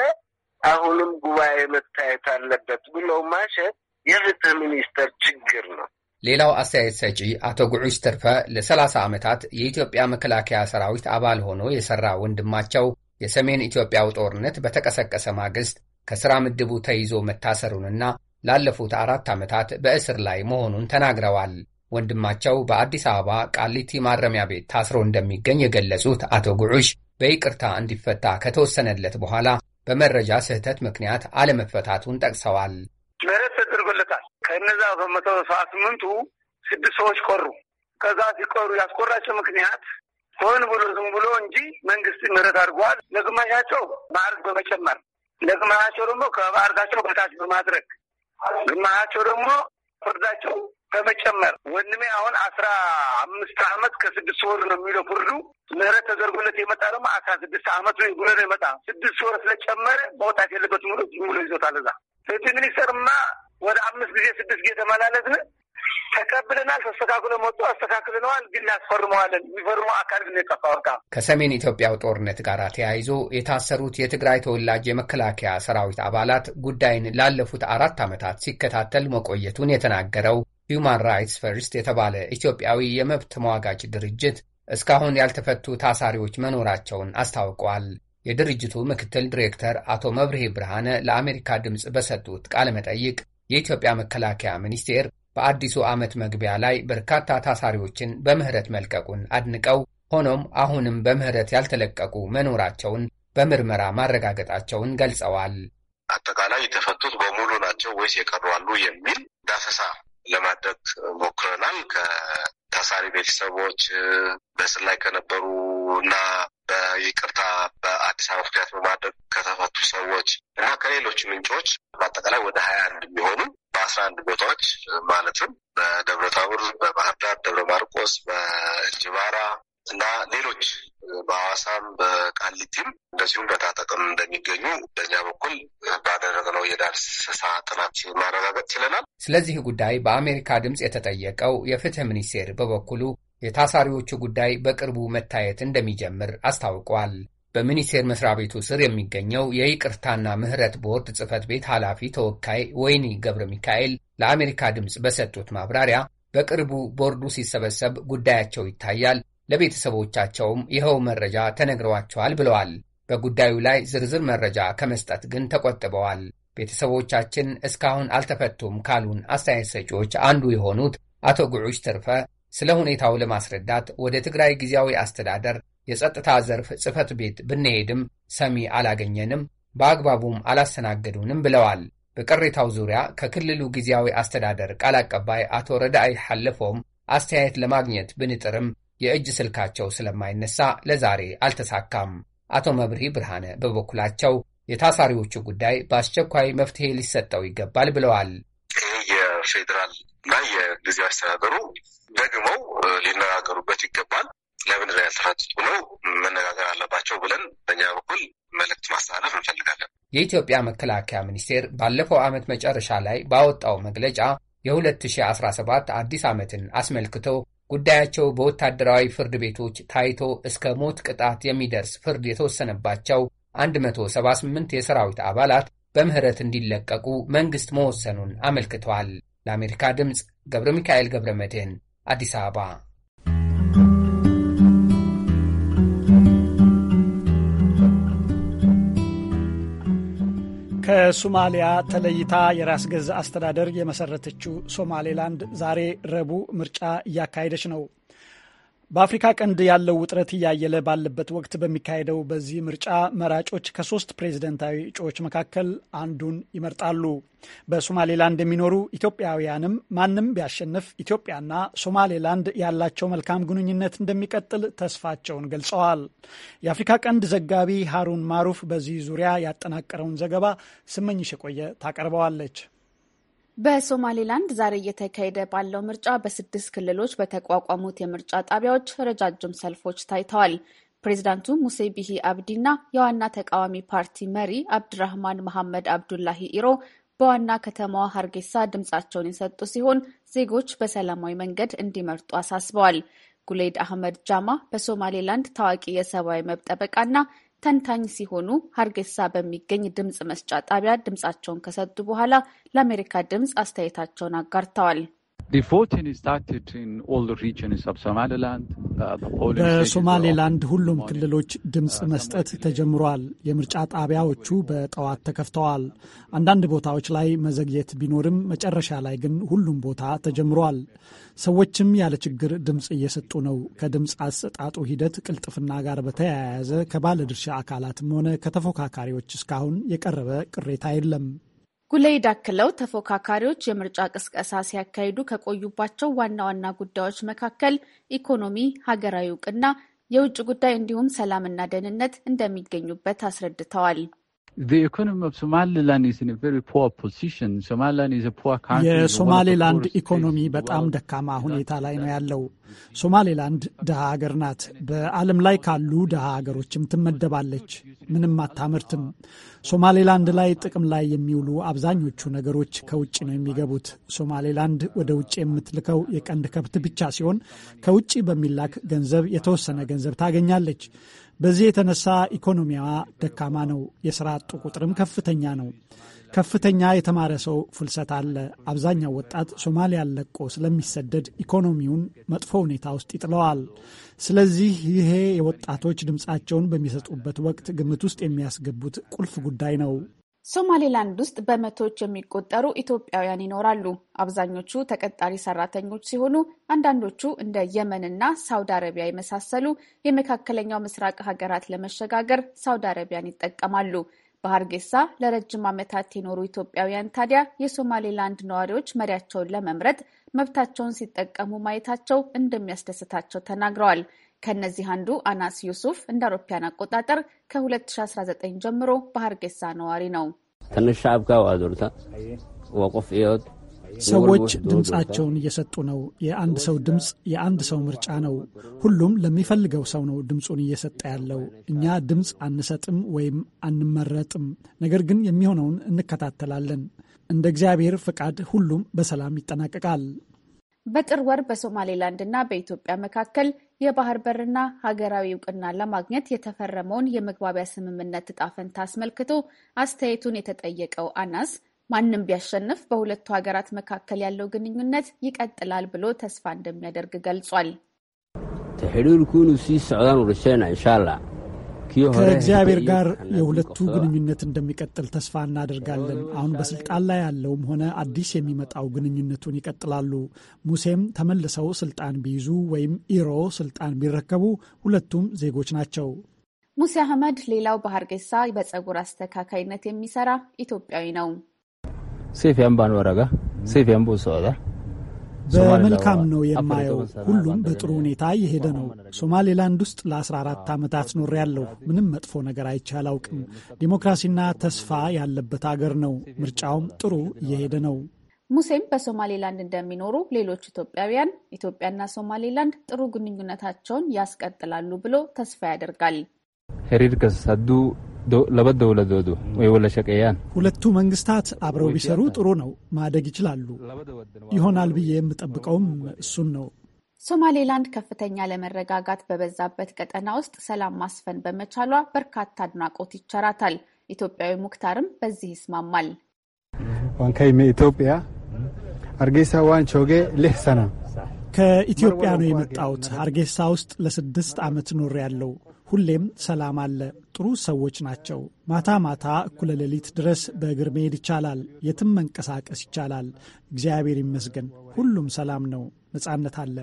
Speaker 4: አሁንም ጉባኤ መታየት አለበት ብለው ማሸት የፍትህ ሚኒስቴር ችግር ነው።
Speaker 8: ሌላው አስተያየት ሰጪ አቶ ጉዑሽ ትርፈ ለ30 ዓመታት የኢትዮጵያ መከላከያ ሰራዊት አባል ሆኖ የሰራ ወንድማቸው የሰሜን ኢትዮጵያው ጦርነት በተቀሰቀሰ ማግስት ከሥራ ምድቡ ተይዞ መታሰሩንና ላለፉት አራት ዓመታት በእስር ላይ መሆኑን ተናግረዋል። ወንድማቸው በአዲስ አበባ ቃሊቲ ማረሚያ ቤት ታስሮ እንደሚገኝ የገለጹት አቶ ጉዑሽ በይቅርታ እንዲፈታ ከተወሰነለት በኋላ በመረጃ ስህተት ምክንያት አለመፈታቱን ጠቅሰዋል። ምህረት
Speaker 4: ተደርጎለታል። ከነዛ በመቶ ሰባ ስምንቱ ስድስት ሰዎች ቆሩ። ከዛ ሲቆሩ ያስቆራቸው ምክንያት ሆን ብሎ ዝም ብሎ እንጂ መንግስት ምህረት አድርጓል። ለግማሻቸው ማዕረግ በመጨመር ለግማሻቸው ደግሞ ከማዕረጋቸው በታች በማድረግ ግማሻቸው ደግሞ ፍርዳቸው በመጨመር ወንድሜ አሁን አስራ አምስት አመት ከስድስት ወር ነው የሚለው ፍርዱ። ምህረት ተደርጎለት የመጣ ደግሞ አስራ ስድስት አመት ነው ብሎ ነው የመጣ ስድስት ወር ስለጨመረ መውጣት የለበት ሙሉ ሙሉ ይዞታል። እዛ ፍትህ ሚኒስተርማ ወደ አምስት ጊዜ ስድስት ጊዜ ተመላለስን። ተቀብለናል። ተስተካክሎ መጡ። አስተካክለነዋል። ግን እናስፈርመዋለን። የሚፈርመው አካል ግን የጠፋ ወርቃ
Speaker 8: ከሰሜን ኢትዮጵያው ጦርነት ጋር ተያይዞ የታሰሩት የትግራይ ተወላጅ የመከላከያ ሰራዊት አባላት ጉዳይን ላለፉት አራት አመታት ሲከታተል መቆየቱን የተናገረው ሂውማን ራይትስ ፈርስት የተባለ ኢትዮጵያዊ የመብት ተሟጋች ድርጅት እስካሁን ያልተፈቱ ታሳሪዎች መኖራቸውን አስታውቀዋል። የድርጅቱ ምክትል ዲሬክተር አቶ መብርሄ ብርሃነ ለአሜሪካ ድምፅ በሰጡት ቃለ መጠይቅ የኢትዮጵያ መከላከያ ሚኒስቴር በአዲሱ ዓመት መግቢያ ላይ በርካታ ታሳሪዎችን በምህረት መልቀቁን አድንቀው ሆኖም አሁንም በምህረት ያልተለቀቁ መኖራቸውን በምርመራ ማረጋገጣቸውን ገልጸዋል።
Speaker 9: አጠቃላይ የተፈቱት በሙሉ ናቸው ወይስ የቀሩ አሉ የሚል ዳሰሳ ለማድረግ
Speaker 4: ሞክረናል። ከታሳሪ ቤተሰቦች በእስር ላይ ከነበሩ እና
Speaker 9: በይቅርታ በአዲስ አበባ ምክንያት በማድረግ ከተፈቱ ሰዎች እና ከሌሎች ምንጮች በአጠቃላይ ወደ ሀያ አንድ የሚሆኑ በአስራ አንድ ቦታዎች ማለትም በደብረ
Speaker 4: ታቦር፣ በባህር ዳር፣ ደብረ ማርቆስ፣ በእንጅባራ፣ እና ሌሎች በሐዋሳም በቃሊቲም እንደዚሁም በታጠቅም እንደሚገኙ በእኛ በኩል ባደረግነው የዳሰሳ
Speaker 8: ጥናት ማረጋገጥ ችለናል። ስለዚህ ጉዳይ በአሜሪካ ድምፅ የተጠየቀው የፍትህ ሚኒስቴር በበኩሉ የታሳሪዎቹ ጉዳይ በቅርቡ መታየት እንደሚጀምር አስታውቋል። በሚኒስቴር መስሪያ ቤቱ ስር የሚገኘው የይቅርታና ምህረት ቦርድ ጽህፈት ቤት ኃላፊ ተወካይ ወይኒ ገብረ ሚካኤል ለአሜሪካ ድምፅ በሰጡት ማብራሪያ በቅርቡ ቦርዱ ሲሰበሰብ ጉዳያቸው ይታያል ለቤተሰቦቻቸውም ይኸው መረጃ ተነግረዋቸዋል ብለዋል። በጉዳዩ ላይ ዝርዝር መረጃ ከመስጠት ግን ተቆጥበዋል። ቤተሰቦቻችን እስካሁን አልተፈቱም ካሉን አስተያየት ሰጪዎች አንዱ የሆኑት አቶ ጉዑሽ ትርፈ ስለ ሁኔታው ለማስረዳት ወደ ትግራይ ጊዜያዊ አስተዳደር የጸጥታ ዘርፍ ጽህፈት ቤት ብንሄድም ሰሚ አላገኘንም፣ በአግባቡም አላስተናገዱንም ብለዋል። በቅሬታው ዙሪያ ከክልሉ ጊዜያዊ አስተዳደር ቃል አቀባይ አቶ ረዳኢ ሐልፎም አስተያየት ለማግኘት ብንጥርም የእጅ ስልካቸው ስለማይነሳ ለዛሬ አልተሳካም። አቶ መብሪ ብርሃነ በበኩላቸው የታሳሪዎቹ ጉዳይ በአስቸኳይ መፍትሄ ሊሰጠው ይገባል ብለዋል። የፌዴራል እና የጊዜ አስተዳደሩ ደግመው ሊነጋገሩበት ይገባል። ለምን ያልተፋጠጡ ነው መነጋገር አለባቸው ብለን በእኛ በኩል መልእክት ማስተላለፍ እንፈልጋለን። የኢትዮጵያ መከላከያ ሚኒስቴር ባለፈው ዓመት መጨረሻ ላይ ባወጣው መግለጫ የ2017 አዲስ ዓመትን አስመልክቶ ጉዳያቸው በወታደራዊ ፍርድ ቤቶች ታይቶ እስከ ሞት ቅጣት የሚደርስ ፍርድ የተወሰነባቸው 178 የሰራዊት አባላት በምህረት እንዲለቀቁ መንግሥት መወሰኑን አመልክተዋል። ለአሜሪካ ድምፅ ገብረ ሚካኤል ገብረ መድህን አዲስ አበባ
Speaker 1: ከሶማሊያ ተለይታ የራስ ገዝ አስተዳደር የመሰረተችው ሶማሌላንድ ዛሬ ረቡዕ ምርጫ እያካሄደች ነው። በአፍሪካ ቀንድ ያለው ውጥረት እያየለ ባለበት ወቅት በሚካሄደው በዚህ ምርጫ መራጮች ከሶስት ፕሬዝደንታዊ እጩዎች መካከል አንዱን ይመርጣሉ። በሶማሌላንድ የሚኖሩ ኢትዮጵያውያንም ማንም ቢያሸንፍ ኢትዮጵያና ሶማሌላንድ ያላቸው መልካም ግንኙነት እንደሚቀጥል ተስፋቸውን ገልጸዋል። የአፍሪካ ቀንድ ዘጋቢ ሃሩን ማሩፍ በዚህ ዙሪያ ያጠናቀረውን ዘገባ ስመኝሽ የቆየ ታቀርበዋለች።
Speaker 3: በሶማሌላንድ ዛሬ እየተካሄደ ባለው ምርጫ በስድስት ክልሎች በተቋቋሙት የምርጫ ጣቢያዎች ረጃጅም ሰልፎች ታይተዋል። ፕሬዚዳንቱ ሙሴ ቢሂ አብዲና የዋና ተቃዋሚ ፓርቲ መሪ አብድራህማን መሐመድ አብዱላሂ ኢሮ በዋና ከተማዋ ሀርጌሳ ድምጻቸውን የሰጡ ሲሆን ዜጎች በሰላማዊ መንገድ እንዲመርጡ አሳስበዋል። ጉሌድ አህመድ ጃማ በሶማሌላንድ ታዋቂ የሰብአዊ መብት ጠበቃና ተንታኝ ሲሆኑ ሀርጌሳ በሚገኝ ድምፅ መስጫ ጣቢያ ድምፃቸውን ከሰጡ በኋላ ለአሜሪካ ድምፅ አስተያየታቸውን አጋርተዋል።
Speaker 9: በሶማሌላንድ
Speaker 1: uh, ሁሉም ክልሎች uh, ድምፅ መስጠት ተጀምሯል። የምርጫ ጣቢያዎቹ በጠዋት ተከፍተዋል። አንዳንድ ቦታዎች ላይ መዘግየት ቢኖርም መጨረሻ ላይ ግን ሁሉም ቦታ ተጀምሯል። ሰዎችም ያለ ችግር ድምፅ እየሰጡ ነው። ከድምፅ አሰጣጡ ሂደት ቅልጥፍና ጋር በተያያዘ ከባለድርሻ አካላትም ሆነ ከተፎካካሪዎች እስካሁን የቀረበ ቅሬታ የለም።
Speaker 3: ጉሌይ ዳክለው ተፎካካሪዎች የምርጫ ቅስቀሳ ሲያካሂዱ ከቆዩባቸው ዋና ዋና ጉዳዮች መካከል ኢኮኖሚ፣ ሀገራዊ እውቅና፣ የውጭ ጉዳይ እንዲሁም ሰላምና ደህንነት እንደሚገኙበት አስረድተዋል።
Speaker 9: የሶማሌላንድ
Speaker 1: ኢኮኖሚ በጣም ደካማ ሁኔታ ላይ ነው ያለው። ሶማሌላንድ ድሃ ሀገር ናት። በዓለም ላይ ካሉ ድሃ ሀገሮችም ትመደባለች። ምንም አታምርትም። ሶማሌላንድ ላይ ጥቅም ላይ የሚውሉ አብዛኞቹ ነገሮች ከውጭ ነው የሚገቡት። ሶማሌላንድ ወደ ውጭ የምትልከው የቀንድ ከብት ብቻ ሲሆን ከውጭ በሚላክ ገንዘብ የተወሰነ ገንዘብ ታገኛለች። በዚህ የተነሳ ኢኮኖሚዋ ደካማ ነው። የሥራ አጡ ቁጥርም ከፍተኛ ነው። ከፍተኛ የተማረ ሰው ፍልሰት አለ። አብዛኛው ወጣት ሶማሊያን ለቆ ስለሚሰደድ ኢኮኖሚውን መጥፎ ሁኔታ ውስጥ ይጥለዋል። ስለዚህ ይሄ የወጣቶች ድምፃቸውን በሚሰጡበት ወቅት ግምት ውስጥ የሚያስገቡት ቁልፍ ጉዳይ ነው።
Speaker 3: ሶማሌላንድ ውስጥ በመቶዎች የሚቆጠሩ ኢትዮጵያውያን ይኖራሉ። አብዛኞቹ ተቀጣሪ ሰራተኞች ሲሆኑ አንዳንዶቹ እንደ የመንና ሳውዲ አረቢያ የመሳሰሉ የመካከለኛው ምስራቅ ሀገራት ለመሸጋገር ሳውዲ አረቢያን ይጠቀማሉ። በሀርጌሳ ለረጅም ዓመታት የኖሩ ኢትዮጵያውያን ታዲያ የሶማሌላንድ ነዋሪዎች መሪያቸውን ለመምረጥ መብታቸውን ሲጠቀሙ ማየታቸው እንደሚያስደስታቸው ተናግረዋል። ከእነዚህ አንዱ አናስ ዩሱፍ እንደ አውሮፓያን አቆጣጠር ከ2019 ጀምሮ በሀርጌሳ ነዋሪ ነው።
Speaker 11: ሰዎች ድምፃቸውን
Speaker 1: እየሰጡ ነው። የአንድ ሰው ድምፅ የአንድ ሰው ምርጫ ነው። ሁሉም ለሚፈልገው ሰው ነው ድምፁን እየሰጠ ያለው። እኛ ድምፅ አንሰጥም ወይም አንመረጥም፣ ነገር ግን የሚሆነውን እንከታተላለን። እንደ እግዚአብሔር ፍቃድ ሁሉም በሰላም ይጠናቀቃል።
Speaker 3: በጥር ወር በሶማሌላንድ እና በኢትዮጵያ መካከል የባህር በርና ሀገራዊ እውቅና ለማግኘት የተፈረመውን የመግባቢያ ስምምነት ዕጣ ፈንታ አስመልክቶ አስተያየቱን የተጠየቀው አናስ ማንም ቢያሸንፍ በሁለቱ ሀገራት መካከል ያለው ግንኙነት ይቀጥላል ብሎ ተስፋ እንደሚያደርግ ገልጿል።
Speaker 11: ተሕሉል ኩኑ ሲ ስዕዳን ኢንሻላህ ከእግዚአብሔር
Speaker 1: ጋር የሁለቱ ግንኙነት እንደሚቀጥል ተስፋ እናደርጋለን። አሁን በስልጣን ላይ ያለውም ሆነ አዲስ የሚመጣው ግንኙነቱን ይቀጥላሉ። ሙሴም ተመልሰው ስልጣን ቢይዙ ወይም ኢሮ ስልጣን ቢረከቡ ሁለቱም ዜጎች ናቸው።
Speaker 3: ሙሴ አህመድ ሌላው በሀርጌሳ በፀጉር አስተካካይነት የሚሰራ ኢትዮጵያዊ ነው።
Speaker 2: ሴፍ ያምባን ወረጋ ሴፍ በመልካም ነው የማየው። ሁሉም
Speaker 1: በጥሩ ሁኔታ እየሄደ ነው። ሶማሌላንድ ውስጥ ለ14 ዓመታት ኖር ያለሁ ምንም መጥፎ ነገር አይቼ አላውቅም። ዲሞክራሲና ተስፋ ያለበት አገር ነው። ምርጫውም ጥሩ እየሄደ ነው።
Speaker 3: ሙሴም በሶማሌላንድ እንደሚኖሩ ሌሎች ኢትዮጵያውያን ኢትዮጵያና ሶማሌላንድ ጥሩ ግንኙነታቸውን ያስቀጥላሉ ብሎ ተስፋ ያደርጋል።
Speaker 2: ሄሪድ ከሳዱ ለበት ወይ ወለሸቀያን
Speaker 1: ሁለቱ መንግስታት አብረው ቢሰሩ ጥሩ ነው፣ ማደግ ይችላሉ። ይሆናል ብዬ የምጠብቀውም እሱን ነው።
Speaker 3: ሶማሌላንድ ከፍተኛ ለመረጋጋት በበዛበት ቀጠና ውስጥ ሰላም ማስፈን በመቻሏ በርካታ አድናቆት ይቸራታል። ኢትዮጵያዊ ሙክታርም በዚህ ይስማማል።
Speaker 5: ዋንካይሜ ኢትዮጵያ አርጌሳ ዋን ቾጌ ልህሰና
Speaker 1: ከኢትዮጵያ ነው የመጣሁት። አርጌሳ ውስጥ ለስድስት ዓመት ኖር ያለው ሁሌም ሰላም አለ። ጥሩ ሰዎች ናቸው። ማታ ማታ እኩለ ሌሊት ድረስ በእግር መሄድ ይቻላል። የትም መንቀሳቀስ ይቻላል። እግዚአብሔር ይመስገን፣ ሁሉም ሰላም ነው። ነጻነት አለ።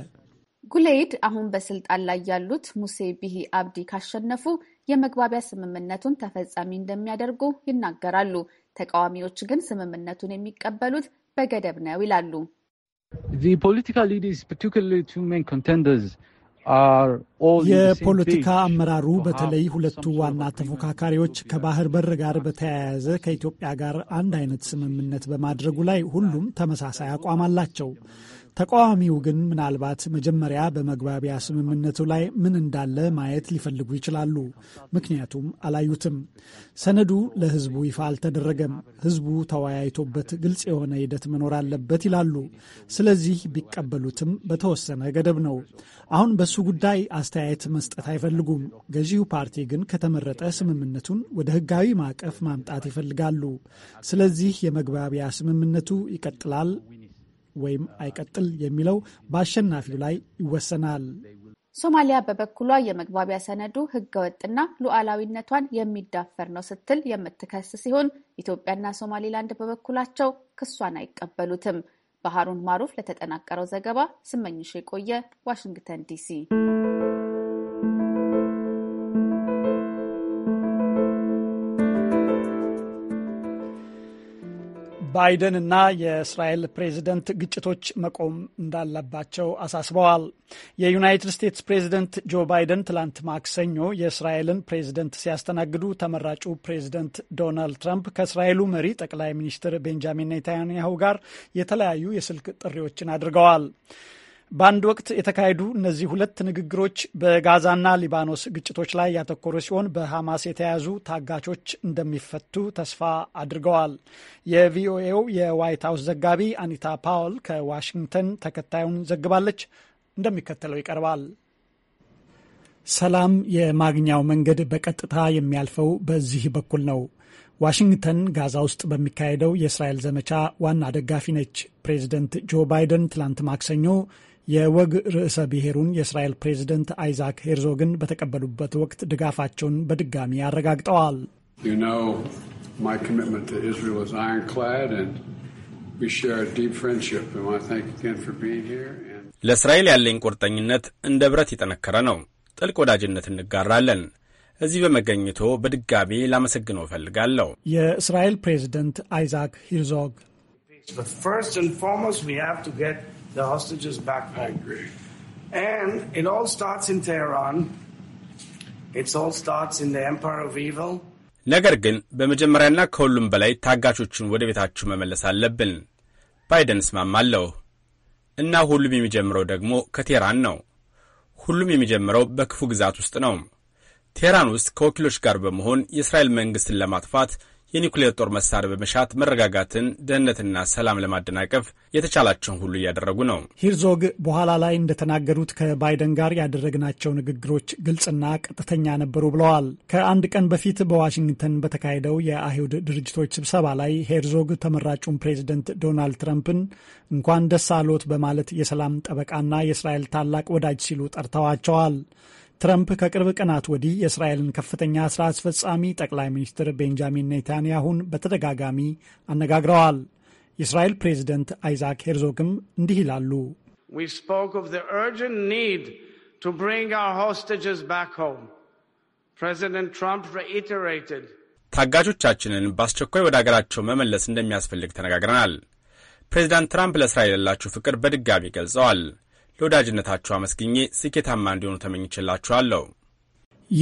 Speaker 3: ጉሌይድ አሁን በስልጣን ላይ ያሉት ሙሴ ቢሂ አብዲ ካሸነፉ የመግባቢያ ስምምነቱን ተፈጻሚ እንደሚያደርጉ ይናገራሉ። ተቃዋሚዎች ግን ስምምነቱን የሚቀበሉት በገደብ ነው ይላሉ።
Speaker 12: ፖለቲካ ሊደርስ
Speaker 1: የፖለቲካ አመራሩ በተለይ ሁለቱ ዋና ተፎካካሪዎች ከባህር በር ጋር uh, በተያያዘ ከኢትዮጵያ ጋር አንድ አይነት ስምምነት በማድረጉ ላይ uh, ሁሉም ተመሳሳይ አቋም አላቸው። ተቃዋሚው ግን ምናልባት መጀመሪያ በመግባቢያ ስምምነቱ ላይ ምን እንዳለ ማየት ሊፈልጉ ይችላሉ። ምክንያቱም አላዩትም። ሰነዱ ለሕዝቡ ይፋ አልተደረገም። ሕዝቡ ተወያይቶበት ግልጽ የሆነ ሂደት መኖር አለበት ይላሉ። ስለዚህ ቢቀበሉትም በተወሰነ ገደብ ነው። አሁን በሱ ጉዳይ አስተያየት መስጠት አይፈልጉም። ገዢው ፓርቲ ግን ከተመረጠ ስምምነቱን ወደ ሕጋዊ ማዕቀፍ ማምጣት ይፈልጋሉ። ስለዚህ የመግባቢያ ስምምነቱ ይቀጥላል ወይም አይቀጥል የሚለው በአሸናፊው ላይ ይወሰናል።
Speaker 3: ሶማሊያ በበኩሏ የመግባቢያ ሰነዱ ህገወጥና ሉዓላዊነቷን የሚዳፈር ነው ስትል የምትከስ ሲሆን ኢትዮጵያና ሶማሌላንድ በበኩላቸው ክሷን አይቀበሉትም። ባህሩን ማሩፍ ለተጠናቀረው ዘገባ ስመኝሽ የቆየ ዋሽንግተን ዲሲ
Speaker 1: ባይደን እና የእስራኤል ፕሬዚደንት ግጭቶች መቆም እንዳለባቸው አሳስበዋል። የዩናይትድ ስቴትስ ፕሬዚደንት ጆ ባይደን ትላንት ማክሰኞ የእስራኤልን ፕሬዚደንት ሲያስተናግዱ ተመራጩ ፕሬዚደንት ዶናልድ ትራምፕ ከእስራኤሉ መሪ ጠቅላይ ሚኒስትር ቤንጃሚን ኔታንያሁ ጋር የተለያዩ የስልክ ጥሪዎችን አድርገዋል። በአንድ ወቅት የተካሄዱ እነዚህ ሁለት ንግግሮች በጋዛና ሊባኖስ ግጭቶች ላይ ያተኮሩ ሲሆን በሐማስ የተያዙ ታጋቾች እንደሚፈቱ ተስፋ አድርገዋል። የቪኦኤው የዋይት ሀውስ ዘጋቢ አኒታ ፓውል ከዋሽንግተን ተከታዩን ዘግባለች፣ እንደሚከተለው ይቀርባል። ሰላም የማግኛው መንገድ በቀጥታ የሚያልፈው በዚህ በኩል ነው። ዋሽንግተን ጋዛ ውስጥ በሚካሄደው የእስራኤል ዘመቻ ዋና ደጋፊ ነች። ፕሬዚደንት ጆ ባይደን ትላንት ማክሰኞ የወግ ርዕሰ ብሔሩን የእስራኤል ፕሬዝደንት አይዛክ ሄርዞግን በተቀበሉበት ወቅት ድጋፋቸውን በድጋሚ አረጋግጠዋል።
Speaker 5: ለእስራኤል ያለኝ ቁርጠኝነት እንደ ብረት የጠነከረ ነው። ጥልቅ ወዳጅነት እንጋራለን። እዚህ በመገኘቶ በድጋሚ ላመሰግነው እፈልጋለሁ።
Speaker 1: የእስራኤል ፕሬዝደንት አይዛክ ሄርዞግ
Speaker 4: the hostages back home. I agree. And it all starts in Tehran. It all starts in the empire of evil.
Speaker 5: ነገር ግን በመጀመሪያና ከሁሉም በላይ ታጋቾቹን ወደ ቤታችሁ መመለስ አለብን። ባይደን እስማማለሁ። እና ሁሉም የሚጀምረው ደግሞ ከቴህራን ነው። ሁሉም የሚጀምረው በክፉ ግዛት ውስጥ ነው። ቴህራን ውስጥ ከወኪሎች ጋር በመሆን የእስራኤል መንግሥትን ለማጥፋት የኒውክሌር ጦር መሳሪያ በመሻት መረጋጋትን፣ ደህንነትና ሰላም ለማደናቀፍ የተቻላቸውን ሁሉ እያደረጉ ነው።
Speaker 1: ሂርዞግ በኋላ ላይ እንደተናገሩት ከባይደን ጋር ያደረግናቸው ንግግሮች ግልጽና ቀጥተኛ ነበሩ ብለዋል። ከአንድ ቀን በፊት በዋሽንግተን በተካሄደው የአይሁድ ድርጅቶች ስብሰባ ላይ ሄርዞግ ተመራጩን ፕሬዚደንት ዶናልድ ትራምፕን እንኳን ደስ አሎት በማለት የሰላም ጠበቃና የእስራኤል ታላቅ ወዳጅ ሲሉ ጠርተዋቸዋል። ትራምፕ ከቅርብ ቀናት ወዲህ የእስራኤልን ከፍተኛ ስራ አስፈጻሚ ጠቅላይ ሚኒስትር ቤንጃሚን ኔታንያሁን በተደጋጋሚ አነጋግረዋል። የእስራኤል ፕሬዝደንት አይዛክ ሄርዞግም እንዲህ ይላሉ።
Speaker 5: ታጋቾቻችንን በአስቸኳይ ወደ አገራቸው መመለስ እንደሚያስፈልግ ተነጋግረናል። ፕሬዚዳንት ትራምፕ ለእስራኤል ያላቸው ፍቅር በድጋሚ ገልጸዋል። ለወዳጅነታችሁ አመስግኜ ስኬታማ እንዲሆኑ ተመኝችላችኋለሁ።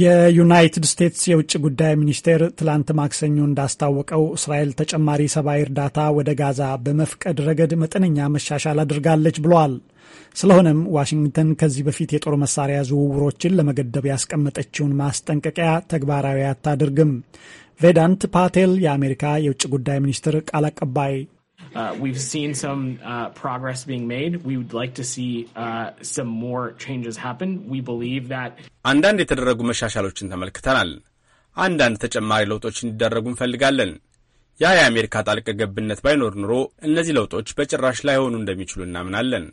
Speaker 1: የዩናይትድ ስቴትስ የውጭ ጉዳይ ሚኒስቴር ትላንት ማክሰኞ እንዳስታወቀው እስራኤል ተጨማሪ ሰብአዊ እርዳታ ወደ ጋዛ በመፍቀድ ረገድ መጠነኛ መሻሻል አድርጋለች ብለዋል። ስለሆነም ዋሽንግተን ከዚህ በፊት የጦር መሳሪያ ዝውውሮችን ለመገደብ ያስቀመጠችውን ማስጠንቀቂያ ተግባራዊ አታደርግም። ቬዳንት ፓቴል የአሜሪካ የውጭ ጉዳይ ሚኒስትር ቃል አቀባይ
Speaker 5: Uh, we've seen some uh, progress being made. We would like to see uh, some more changes happen. We believe that አንዳንድ የተደረጉ መሻሻሎችን ተመልክተናል። አንዳንድ ተጨማሪ ለውጦች እንዲደረጉ እንፈልጋለን። ያ የአሜሪካ ጣልቀ ገብነት ባይኖር ኑሮ እነዚህ ለውጦች በጭራሽ ላይሆኑ እንደሚችሉ እናምናለን።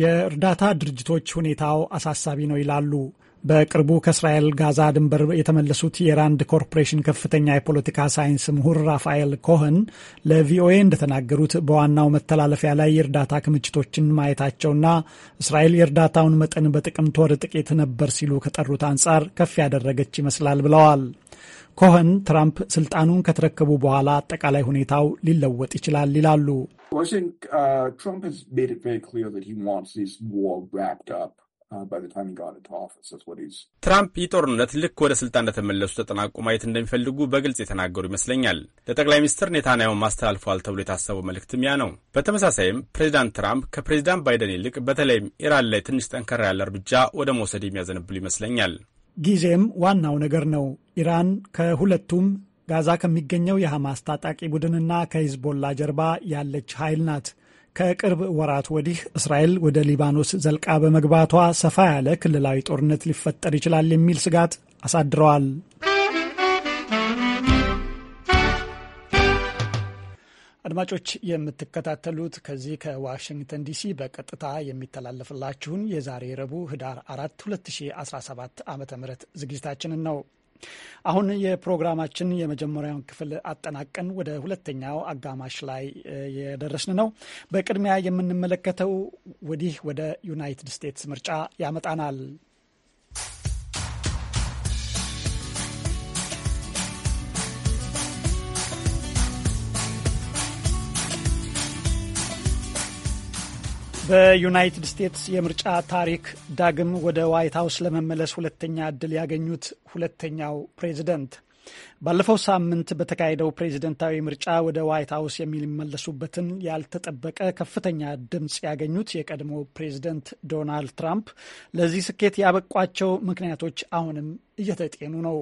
Speaker 1: የእርዳታ ድርጅቶች ሁኔታው አሳሳቢ ነው ይላሉ። በቅርቡ ከእስራኤል ጋዛ ድንበር የተመለሱት የራንድ ኮርፖሬሽን ከፍተኛ የፖለቲካ ሳይንስ ምሁር ራፋኤል ኮኸን ለቪኦኤ እንደተናገሩት በዋናው መተላለፊያ ላይ የእርዳታ ክምችቶችን ማየታቸውና እስራኤል የእርዳታውን መጠን በጥቅምት ወር ጥቂት ነበር ሲሉ ከጠሩት አንጻር ከፍ ያደረገች ይመስላል ብለዋል። ኮህን ትራምፕ ስልጣኑን ከተረከቡ በኋላ አጠቃላይ ሁኔታው ሊለወጥ ይችላል ይላሉ።
Speaker 9: Uh,
Speaker 5: ትራምፕ ይህ ጦርነት ልክ ወደ ስልጣን እንደተመለሱ ተጠናቆ ማየት እንደሚፈልጉ በግልጽ የተናገሩ ይመስለኛል። ለጠቅላይ ሚኒስትር ኔታንያው ማስተላልፈዋል ተብሎ የታሰበው መልእክትም ያ ነው። በተመሳሳይም ፕሬዚዳንት ትራምፕ ከፕሬዚዳንት ባይደን ይልቅ በተለይም ኢራን ላይ ትንሽ ጠንከራ ያለ እርምጃ ወደ መውሰድ የሚያዘንብሉ ይመስለኛል።
Speaker 1: ጊዜም ዋናው ነገር ነው። ኢራን ከሁለቱም ጋዛ ከሚገኘው የሐማስ ታጣቂ ቡድንና ከሂዝቦላ ጀርባ ያለች ኃይል ናት። ከቅርብ ወራት ወዲህ እስራኤል ወደ ሊባኖስ ዘልቃ በመግባቷ ሰፋ ያለ ክልላዊ ጦርነት ሊፈጠር ይችላል የሚል ስጋት አሳድረዋል። አድማጮች የምትከታተሉት ከዚህ ከዋሽንግተን ዲሲ በቀጥታ የሚተላለፍላችሁን የዛሬ ረቡዕ ህዳር 4 2017 ዓ ም ዝግጅታችንን ነው። አሁን የፕሮግራማችን የመጀመሪያውን ክፍል አጠናቀን ወደ ሁለተኛው አጋማሽ ላይ የደረስን ነው። በቅድሚያ የምንመለከተው ወዲህ ወደ ዩናይትድ ስቴትስ ምርጫ ያመጣናል። በዩናይትድ ስቴትስ የምርጫ ታሪክ ዳግም ወደ ዋይት ሀውስ ለመመለስ ሁለተኛ እድል ያገኙት ሁለተኛው ፕሬዚደንት ባለፈው ሳምንት በተካሄደው ፕሬዚደንታዊ ምርጫ ወደ ዋይት ሀውስ የሚመለሱበትን ያልተጠበቀ ከፍተኛ ድምፅ ያገኙት የቀድሞ ፕሬዚደንት ዶናልድ ትራምፕ ለዚህ ስኬት ያበቋቸው ምክንያቶች አሁንም እየተጤኑ ነው።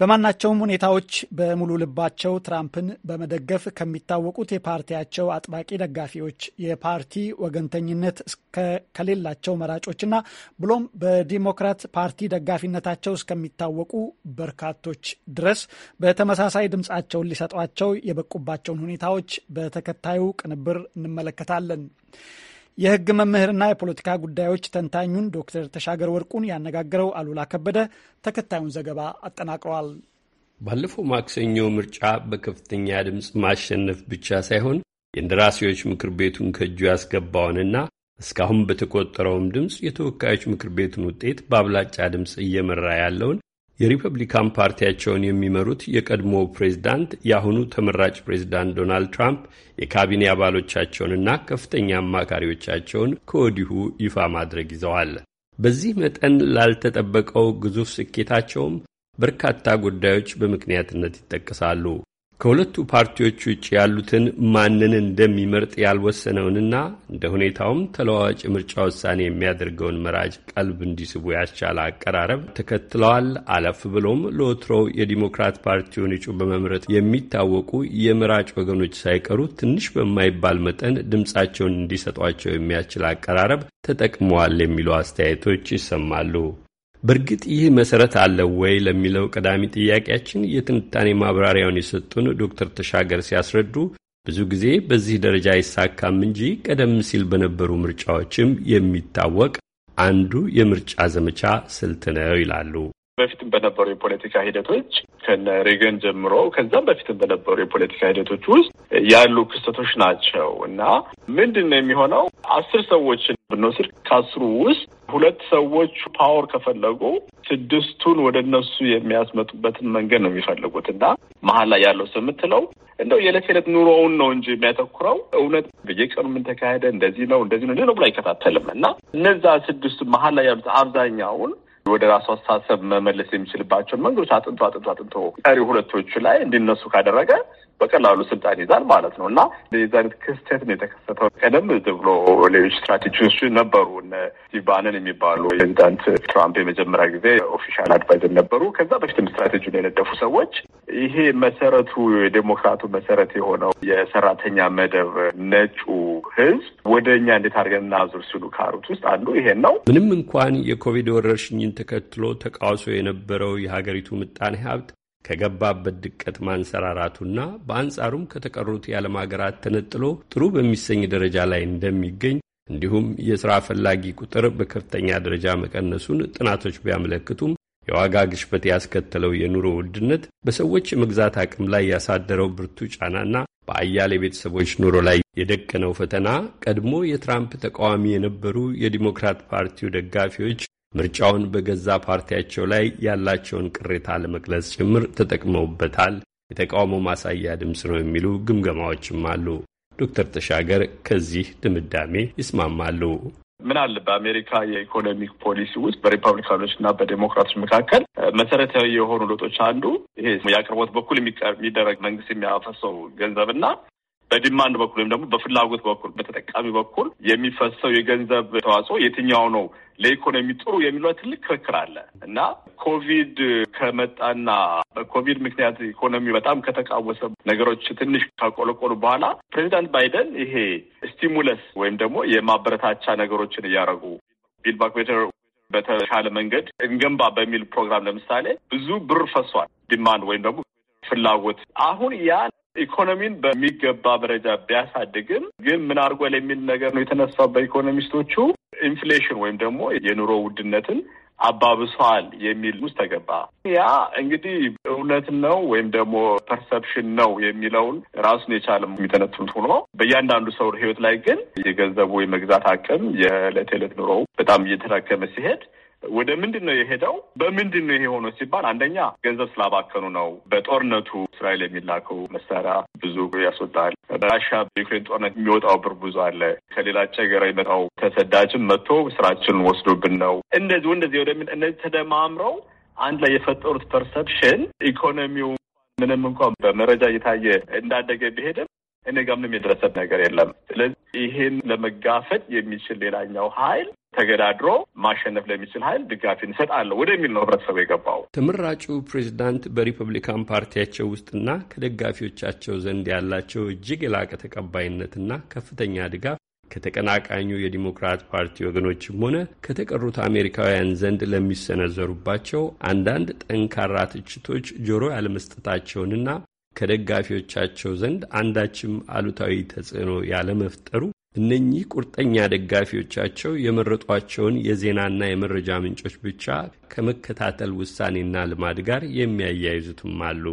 Speaker 1: በማናቸውም ሁኔታዎች በሙሉ ልባቸው ትራምፕን በመደገፍ ከሚታወቁት የፓርቲያቸው አጥባቂ ደጋፊዎች የፓርቲ ወገንተኝነት ከሌላቸው መራጮችና ብሎም በዲሞክራት ፓርቲ ደጋፊነታቸው እስከሚታወቁ በርካቶች ድረስ በተመሳሳይ ድምፃቸውን ሊሰጧቸው የበቁባቸውን ሁኔታዎች በተከታዩ ቅንብር እንመለከታለን። የህግ መምህርና የፖለቲካ ጉዳዮች ተንታኙን ዶክተር ተሻገር ወርቁን ያነጋገረው አሉላ ከበደ ተከታዩን ዘገባ አጠናቅረዋል።
Speaker 11: ባለፈው ማክሰኞ ምርጫ በከፍተኛ ድምፅ ማሸነፍ ብቻ ሳይሆን የእንደራሴዎች ምክር ቤቱን ከእጁ ያስገባውንና እስካሁን በተቆጠረውም ድምፅ የተወካዮች ምክር ቤቱን ውጤት በአብላጫ ድምፅ እየመራ ያለውን የሪፐብሊካን ፓርቲያቸውን የሚመሩት የቀድሞ ፕሬዝዳንት የአሁኑ ተመራጭ ፕሬዝዳንት ዶናልድ ትራምፕ የካቢኔ አባሎቻቸውንና ከፍተኛ አማካሪዎቻቸውን ከወዲሁ ይፋ ማድረግ ይዘዋል። በዚህ መጠን ላልተጠበቀው ግዙፍ ስኬታቸውም በርካታ ጉዳዮች በምክንያትነት ይጠቀሳሉ። ከሁለቱ ፓርቲዎች ውጭ ያሉትን ማንን እንደሚመርጥ ያልወሰነውንና እንደ ሁኔታውም ተለዋዋጭ ምርጫ ውሳኔ የሚያደርገውን መራጭ ቀልብ እንዲስቡ ያስቻለ አቀራረብ ተከትለዋል። አለፍ ብሎም ለወትሮው የዲሞክራት ፓርቲውን እጩ በመምረጥ የሚታወቁ የመራጭ ወገኖች ሳይቀሩ ትንሽ በማይባል መጠን ድምፃቸውን እንዲሰጧቸው የሚያስችል አቀራረብ ተጠቅመዋል የሚሉ አስተያየቶች ይሰማሉ። በእርግጥ ይህ መሰረት አለው ወይ ለሚለው ቀዳሚ ጥያቄያችን የትንታኔ ማብራሪያውን የሰጡን ዶክተር ተሻገር ሲያስረዱ ብዙ ጊዜ በዚህ ደረጃ አይሳካም እንጂ ቀደም ሲል በነበሩ ምርጫዎችም የሚታወቅ አንዱ የምርጫ ዘመቻ ስልት ነው ይላሉ።
Speaker 9: በፊትም በነበሩ የፖለቲካ ሂደቶች ከነ ሬገን ጀምሮ ከዛም በፊትም በነበሩ የፖለቲካ ሂደቶች ውስጥ ያሉ ክስተቶች ናቸው እና ምንድን ነው የሚሆነው? አስር ሰዎችን ብንወስድ ከአስሩ ውስጥ ሁለት ሰዎች ፓወር ከፈለጉ ስድስቱን ወደ እነሱ የሚያስመጡበትን መንገድ ነው የሚፈልጉት እና መሀል ላይ ያለው ሰው የምትለው እንደው የዕለት ዕለት ኑሮውን ነው እንጂ የሚያተኩረው እውነት በየቀኑ ምን ተካሄደ፣ እንደዚህ ነው እንደዚህ ነው ብሎ አይከታተልም እና እነዛ ስድስቱ መሀል ላይ ያሉት አብዛኛውን ወደ ራሱ አስተሳሰብ መመለስ የሚችልባቸውን መንገዶች አጥንቶ አጥንቶ አጥንቶ ቀሪ ሁለቶቹ ላይ እንዲነሱ ካደረገ በቀላሉ ስልጣን ይዛል ማለት ነው እና የዚ አይነት ክስተት ነው የተከሰተው። ቀደም ብሎ ሌሎች ስትራቴጂዎች ነበሩ። ስቲቭ ባነን የሚባሉ ፕሬዚዳንት ትራምፕ የመጀመሪያ ጊዜ ኦፊሻል አድቫይዘር ነበሩ። ከዛ በፊትም ስትራቴጂውን የነደፉ ሰዎች ይሄ መሰረቱ የዴሞክራቱ መሰረት የሆነው የሰራተኛ መደብ ነጩ ህዝብ ወደ እኛ እንዴት አድርገን እናዙር ሲሉ ካሩት ውስጥ አንዱ ይሄን ነው።
Speaker 11: ምንም እንኳን የኮቪድ ወረርሽኝን ተከትሎ ተቃውሶ የነበረው የሀገሪቱ ምጣኔ ሀብት ከገባበት ድቀት ማንሰራራቱና በአንጻሩም ከተቀሩት የዓለም ሀገራት ተነጥሎ ጥሩ በሚሰኝ ደረጃ ላይ እንደሚገኝ እንዲሁም የሥራ ፈላጊ ቁጥር በከፍተኛ ደረጃ መቀነሱን ጥናቶች ቢያመለክቱም የዋጋ ግሽበት ያስከተለው የኑሮ ውድነት በሰዎች የመግዛት አቅም ላይ ያሳደረው ብርቱ ጫናና በአያሌ ቤተሰቦች ኑሮ ላይ የደቀነው ፈተና ቀድሞ የትራምፕ ተቃዋሚ የነበሩ የዲሞክራት ፓርቲው ደጋፊዎች ምርጫውን በገዛ ፓርቲያቸው ላይ ያላቸውን ቅሬታ ለመግለጽ ጭምር ተጠቅመውበታል፣ የተቃውሞ ማሳያ ድምፅ ነው የሚሉ ግምገማዎችም አሉ። ዶክተር ተሻገር ከዚህ ድምዳሜ ይስማማሉ።
Speaker 9: ምን አለ በአሜሪካ የኢኮኖሚክ ፖሊሲ ውስጥ በሪፐብሊካኖች እና በዴሞክራቶች መካከል መሰረታዊ የሆኑ ለውጦች አንዱ ይሄ የአቅርቦት በኩል የሚደረግ መንግስት የሚያፈሰው ገንዘብ እና በዲማንድ በኩል ወይም ደግሞ በፍላጎት በኩል በተጠቃሚ በኩል የሚፈሰው የገንዘብ ተዋጽኦ የትኛው ነው ለኢኮኖሚ ጥሩ የሚለው ትልቅ ክርክር አለ እና ኮቪድ ከመጣና በኮቪድ ምክንያት ኢኮኖሚ በጣም ከተቃወሰ ነገሮች ትንሽ ካቆለቆሉ በኋላ ፕሬዚዳንት ባይደን ይሄ ስቲሙለስ ወይም ደግሞ የማበረታቻ ነገሮችን እያደረጉ ቢልድ ባክ ቤተር በተሻለ መንገድ እንገንባ በሚል ፕሮግራም ለምሳሌ ብዙ ብር ፈሷል። ዲማንድ ወይም ደግሞ ፍላጎት አሁን ያ ኢኮኖሚን በሚገባ ደረጃ ቢያሳድግም ግን ምን አድርጓል የሚል ነገር ነው የተነሳው በኢኮኖሚስቶቹ። ኢንፍሌሽን ወይም ደግሞ የኑሮ ውድነትን አባብሷል የሚል ውስጥ ተገባ። ያ እንግዲህ እውነት ነው ወይም ደግሞ ፐርሰፕሽን ነው የሚለውን ራሱን የቻለ የሚተነትኑት ሆኖ በእያንዳንዱ ሰው ህይወት ላይ ግን የገንዘቡ የመግዛት አቅም የዕለት ዕለት ኑሮው በጣም እየተዳከመ ሲሄድ ወደ ምንድን ነው የሄደው? በምንድን ነው ይሄ ሆኖ ሲባል አንደኛ ገንዘብ ስላባከኑ ነው። በጦርነቱ እስራኤል የሚላከው መሳሪያ ብዙ ያስወጣል። በራሻ በዩክሬን ጦርነት የሚወጣው ብር ብዙ አለ። ከሌላ ጨገራ የመጣው ተሰዳጅም መጥቶ ስራችንን ወስዶብን ነው። እንደዚህ እንደዚህ ወደ እነዚህ ተደማምረው አንድ ላይ የፈጠሩት ፐርሰፕሽን ኢኮኖሚው ምንም እንኳን በመረጃ እየታየ እንዳደገ ቢሄድም እኔ ጋር ምንም የደረሰ ነገር የለም። ስለዚህ ይህን ለመጋፈጥ የሚችል ሌላኛው ኃይል ተገዳድሮ ማሸነፍ ለሚችል ኃይል ድጋፍ እንሰጣለሁ ወደሚል ነው ህብረተሰቡ የገባው።
Speaker 11: ተመራጩ ፕሬዚዳንት በሪፐብሊካን ፓርቲያቸው ውስጥና ከደጋፊዎቻቸው ዘንድ ያላቸው እጅግ የላቀ ተቀባይነትና ከፍተኛ ድጋፍ ከተቀናቃኙ የዲሞክራት ፓርቲ ወገኖችም ሆነ ከተቀሩት አሜሪካውያን ዘንድ ለሚሰነዘሩባቸው አንዳንድ ጠንካራ ትችቶች ጆሮ ያለመስጠታቸውንና ከደጋፊዎቻቸው ዘንድ አንዳችም አሉታዊ ተጽዕኖ ያለመፍጠሩ እነኚህ ቁርጠኛ ደጋፊዎቻቸው የመረጧቸውን የዜናና የመረጃ ምንጮች ብቻ ከመከታተል ውሳኔና ልማድ ጋር የሚያያይዙትም አሉ።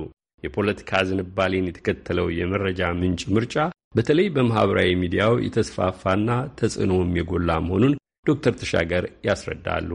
Speaker 11: የፖለቲካ ዝንባሌን የተከተለው የመረጃ ምንጭ ምርጫ በተለይ በማኅበራዊ ሚዲያው የተስፋፋና ተጽዕኖም የጎላ መሆኑን ዶክተር ተሻገር ያስረዳሉ።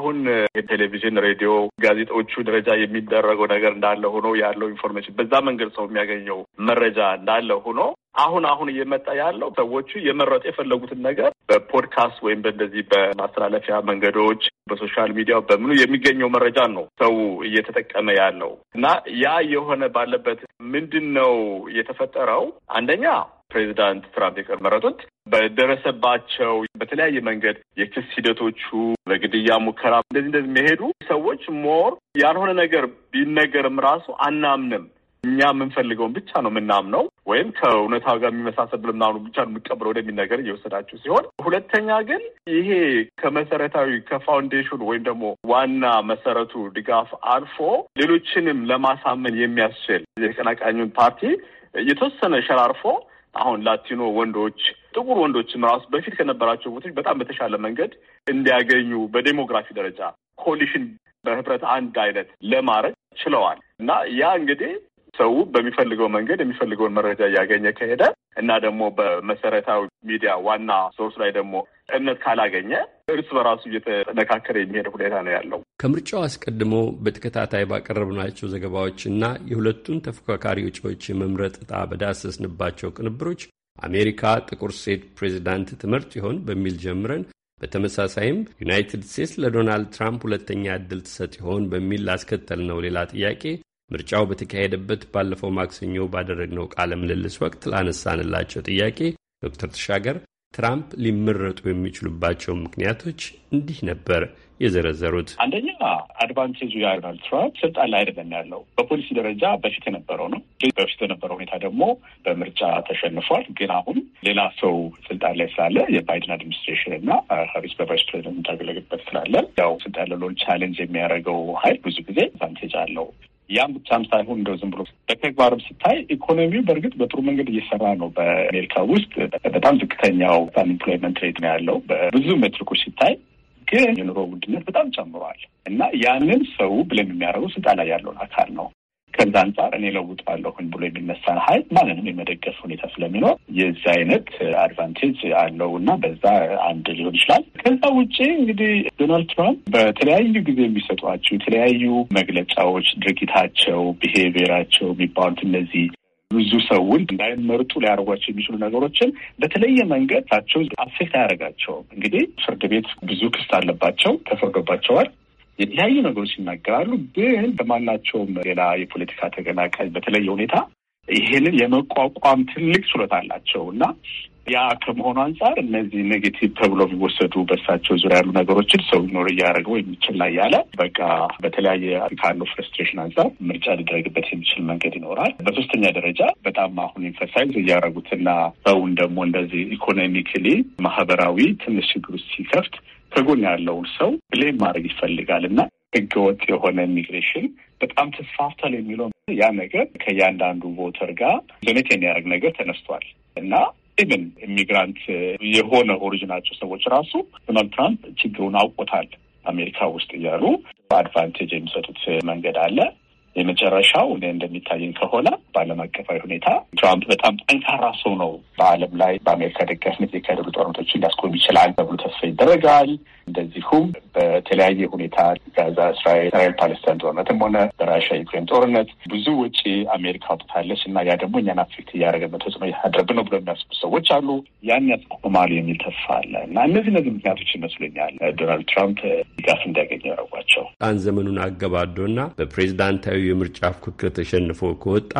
Speaker 9: አሁን የቴሌቪዥን፣ ሬዲዮ፣ ጋዜጦቹ ደረጃ የሚደረገው ነገር እንዳለ ሆኖ ያለው ኢንፎርሜሽን በዛ መንገድ ሰው የሚያገኘው መረጃ እንዳለ ሆኖ አሁን አሁን እየመጣ ያለው ሰዎቹ የመረጡ የፈለጉትን ነገር በፖድካስት ወይም በእንደዚህ በማስተላለፊያ መንገዶች በሶሻል ሚዲያ በምኑ የሚገኘው መረጃ ነው ሰው እየተጠቀመ ያለው እና ያ የሆነ ባለበት ምንድን ነው የተፈጠረው? አንደኛ ፕሬዚዳንት ትራምፕ የመረጡት በደረሰባቸው በተለያየ መንገድ የክስ ሂደቶቹ በግድያ ሙከራ እንደዚህ እንደዚህ መሄዱ ሰዎች ሞር ያልሆነ ነገር ቢነገርም ራሱ አናምንም እኛ የምንፈልገውን ብቻ ነው የምናምነው ወይም ከእውነታ ጋር የሚመሳሰል ብለን ምናምኑ ብቻ ነው የምንቀብለው ወደሚል ነገር እየወሰዳችሁ ሲሆን፣ ሁለተኛ ግን ይሄ ከመሰረታዊ ከፋውንዴሽኑ ወይም ደግሞ ዋና መሰረቱ ድጋፍ አልፎ ሌሎችንም ለማሳመን የሚያስችል የተቀናቃኙን ፓርቲ የተወሰነ ሸራርፎ አሁን ላቲኖ ወንዶች ጥቁር ወንዶችም ራሱ በፊት ከነበራቸው ቦታዎች በጣም በተሻለ መንገድ እንዲያገኙ በዴሞግራፊ ደረጃ ኮሊሽን በህብረት አንድ አይነት ለማድረግ ችለዋል እና ያ እንግዲህ ሰው በሚፈልገው መንገድ የሚፈልገውን መረጃ እያገኘ ከሄደ እና ደግሞ በመሰረታዊ ሚዲያ ዋና ሶርስ ላይ ደግሞ እምነት ካላገኘ እርስ በራሱ እየተነካከረ የሚሄድ ሁኔታ ነው ያለው።
Speaker 11: ከምርጫው አስቀድሞ በተከታታይ ባቀረብናቸው ዘገባዎች እና የሁለቱን ተፎካካሪ እጩዎች የመምረጥ ዕጣ በዳሰስንባቸው ቅንብሮች አሜሪካ ጥቁር ሴት ፕሬዚዳንት ትምህርት ይሆን በሚል ጀምረን በተመሳሳይም ዩናይትድ ስቴትስ ለዶናልድ ትራምፕ ሁለተኛ እድል ትሰጥ ይሆን በሚል ላስከተል ነው ሌላ ጥያቄ ምርጫው በተካሄደበት ባለፈው ማክሰኞ ባደረግነው ቃለ ምልልስ ወቅት ላነሳንላቸው ጥያቄ ዶክተር ተሻገር ትራምፕ ሊመረጡ የሚችሉባቸው ምክንያቶች እንዲህ ነበር የዘረዘሩት።
Speaker 9: አንደኛ አድቫንቴጁ የዶናልድ ትራምፕ ስልጣን ላይ አይደለም ያለው፣ በፖሊሲ ደረጃ በፊት የነበረው ነው። በፊት የነበረው ሁኔታ ደግሞ በምርጫ ተሸንፏል። ግን አሁን ሌላ ሰው ስልጣን ላይ ስላለ የባይደን አድሚኒስትሬሽን እና ሀሪስ በቫይስ ፕሬዚደንት ታገለግበት ስላለ ያው ስልጣን ለሎን ቻሌንጅ የሚያደርገው ሀይል ብዙ ጊዜ አድቫንቴጅ አለው። ያም ብቻም ሳይሆን እንደው ዝም ብሎ በተግባርም ስታይ ኢኮኖሚው በእርግጥ በጥሩ መንገድ እየሰራ ነው። በአሜሪካ ውስጥ በጣም ዝቅተኛው አንኤምፕሎይመንት ሬት ነው ያለው በብዙ ሜትሪኮች ሲታይ ግን የኑሮ ውድነት በጣም ጨምሯል እና ያንን ሰው ብለን የሚያደርገው ስልጣን ላይ ያለውን አካል ነው። ከዛ አንጻር እኔ ለውጣለሁኝ ብሎ የሚነሳን ሀይል ማንንም የመደገፍ ሁኔታ ስለሚኖር የዚህ አይነት አድቫንቴጅ አለው እና በዛ አንድ ሊሆን ይችላል። ከዛ ውጭ እንግዲህ ዶናልድ ትራምፕ በተለያዩ ጊዜ የሚሰጧቸው የተለያዩ መግለጫዎች፣ ድርጊታቸው፣ ብሄቤራቸው የሚባሉት እነዚህ ብዙ ሰውን እንዳይመርጡ ሊያደርጓቸው የሚችሉ ነገሮችን በተለየ መንገድ ታቸው አፌክት አያደርጋቸውም። እንግዲህ ፍርድ ቤት ብዙ ክስት አለባቸው፣ ተፈርዶባቸዋል። የተለያዩ ነገሮች ይናገራሉ። ግን በማናቸውም ሌላ የፖለቲካ ተቀናቃኝ በተለየ ሁኔታ ይሄንን የመቋቋም ትልቅ ችሎታ አላቸው እና ያ ከመሆኑ አንጻር እነዚህ ኔጌቲቭ ተብሎ የሚወሰዱ በሳቸው ዙሪያ ያሉ ነገሮችን ሰው ኖር እያደረገ ወይም ይችል ላይ ያለ በቃ በተለያየ ካለው ፍረስትሬሽን አንጻር ምርጫ ሊደረግበት የሚችል መንገድ ይኖራል። በሶስተኛ ደረጃ በጣም አሁን ኢንፈሳይዝ እያደረጉትና በውን ደግሞ እንደዚህ ኢኮኖሚክሊ ማህበራዊ ትንሽ ችግር ውስጥ ሲከፍት ከጎን ያለውን ሰው ብሌም ማድረግ ይፈልጋል እና ህገወጥ የሆነ ኢሚግሬሽን በጣም ተስፋፍቷል የሚለው ያ ነገር ከእያንዳንዱ ቮተር ጋር ዘሜት የሚያደርግ ነገር ተነስቷል እና ኢቨን ኢሚግራንት የሆነ ኦሪጅናቸው ሰዎች ራሱ ዶናልድ ትራምፕ ችግሩን አውቆታል አሜሪካ ውስጥ እያሉ በአድቫንቴጅ የሚሰጡት መንገድ አለ። የመጨረሻው እኔ እንደሚታየኝ ከሆነ በዓለም አቀፋዊ ሁኔታ ትራምፕ በጣም ጠንካራ ሰው ነው። በዓለም ላይ በአሜሪካ ደጋፊነት የሚካሄዱ ጦርነቶች ሊያስቆም ይችላል ተብሎ ተስፋ ይደረጋል። እንደዚሁም በተለያየ ሁኔታ ጋዛ፣ እስራኤል እስራኤል ፓለስታይን ጦርነትም ሆነ በራሻ ዩክሬን ጦርነት ብዙ ወጪ አሜሪካ አውጥታለች እና ያ ደግሞ እኛን አፌክት እያደረገ ተጽዕኖ እያደረብን ነው ብሎ የሚያስቡ ሰዎች አሉ። ያን ያስቆማሉ የሚል ተስፋ አለ እና እነዚህ እነዚህ ምክንያቶች ይመስሉኛል ዶናልድ ትራምፕ ድጋፍ እንዲያገኘ
Speaker 11: ያደረጓቸው ጣን ዘመኑን አገባዶ እና በፕሬዚዳንታዊ የምርጫ ፉክክር ተሸንፎ ከወጣ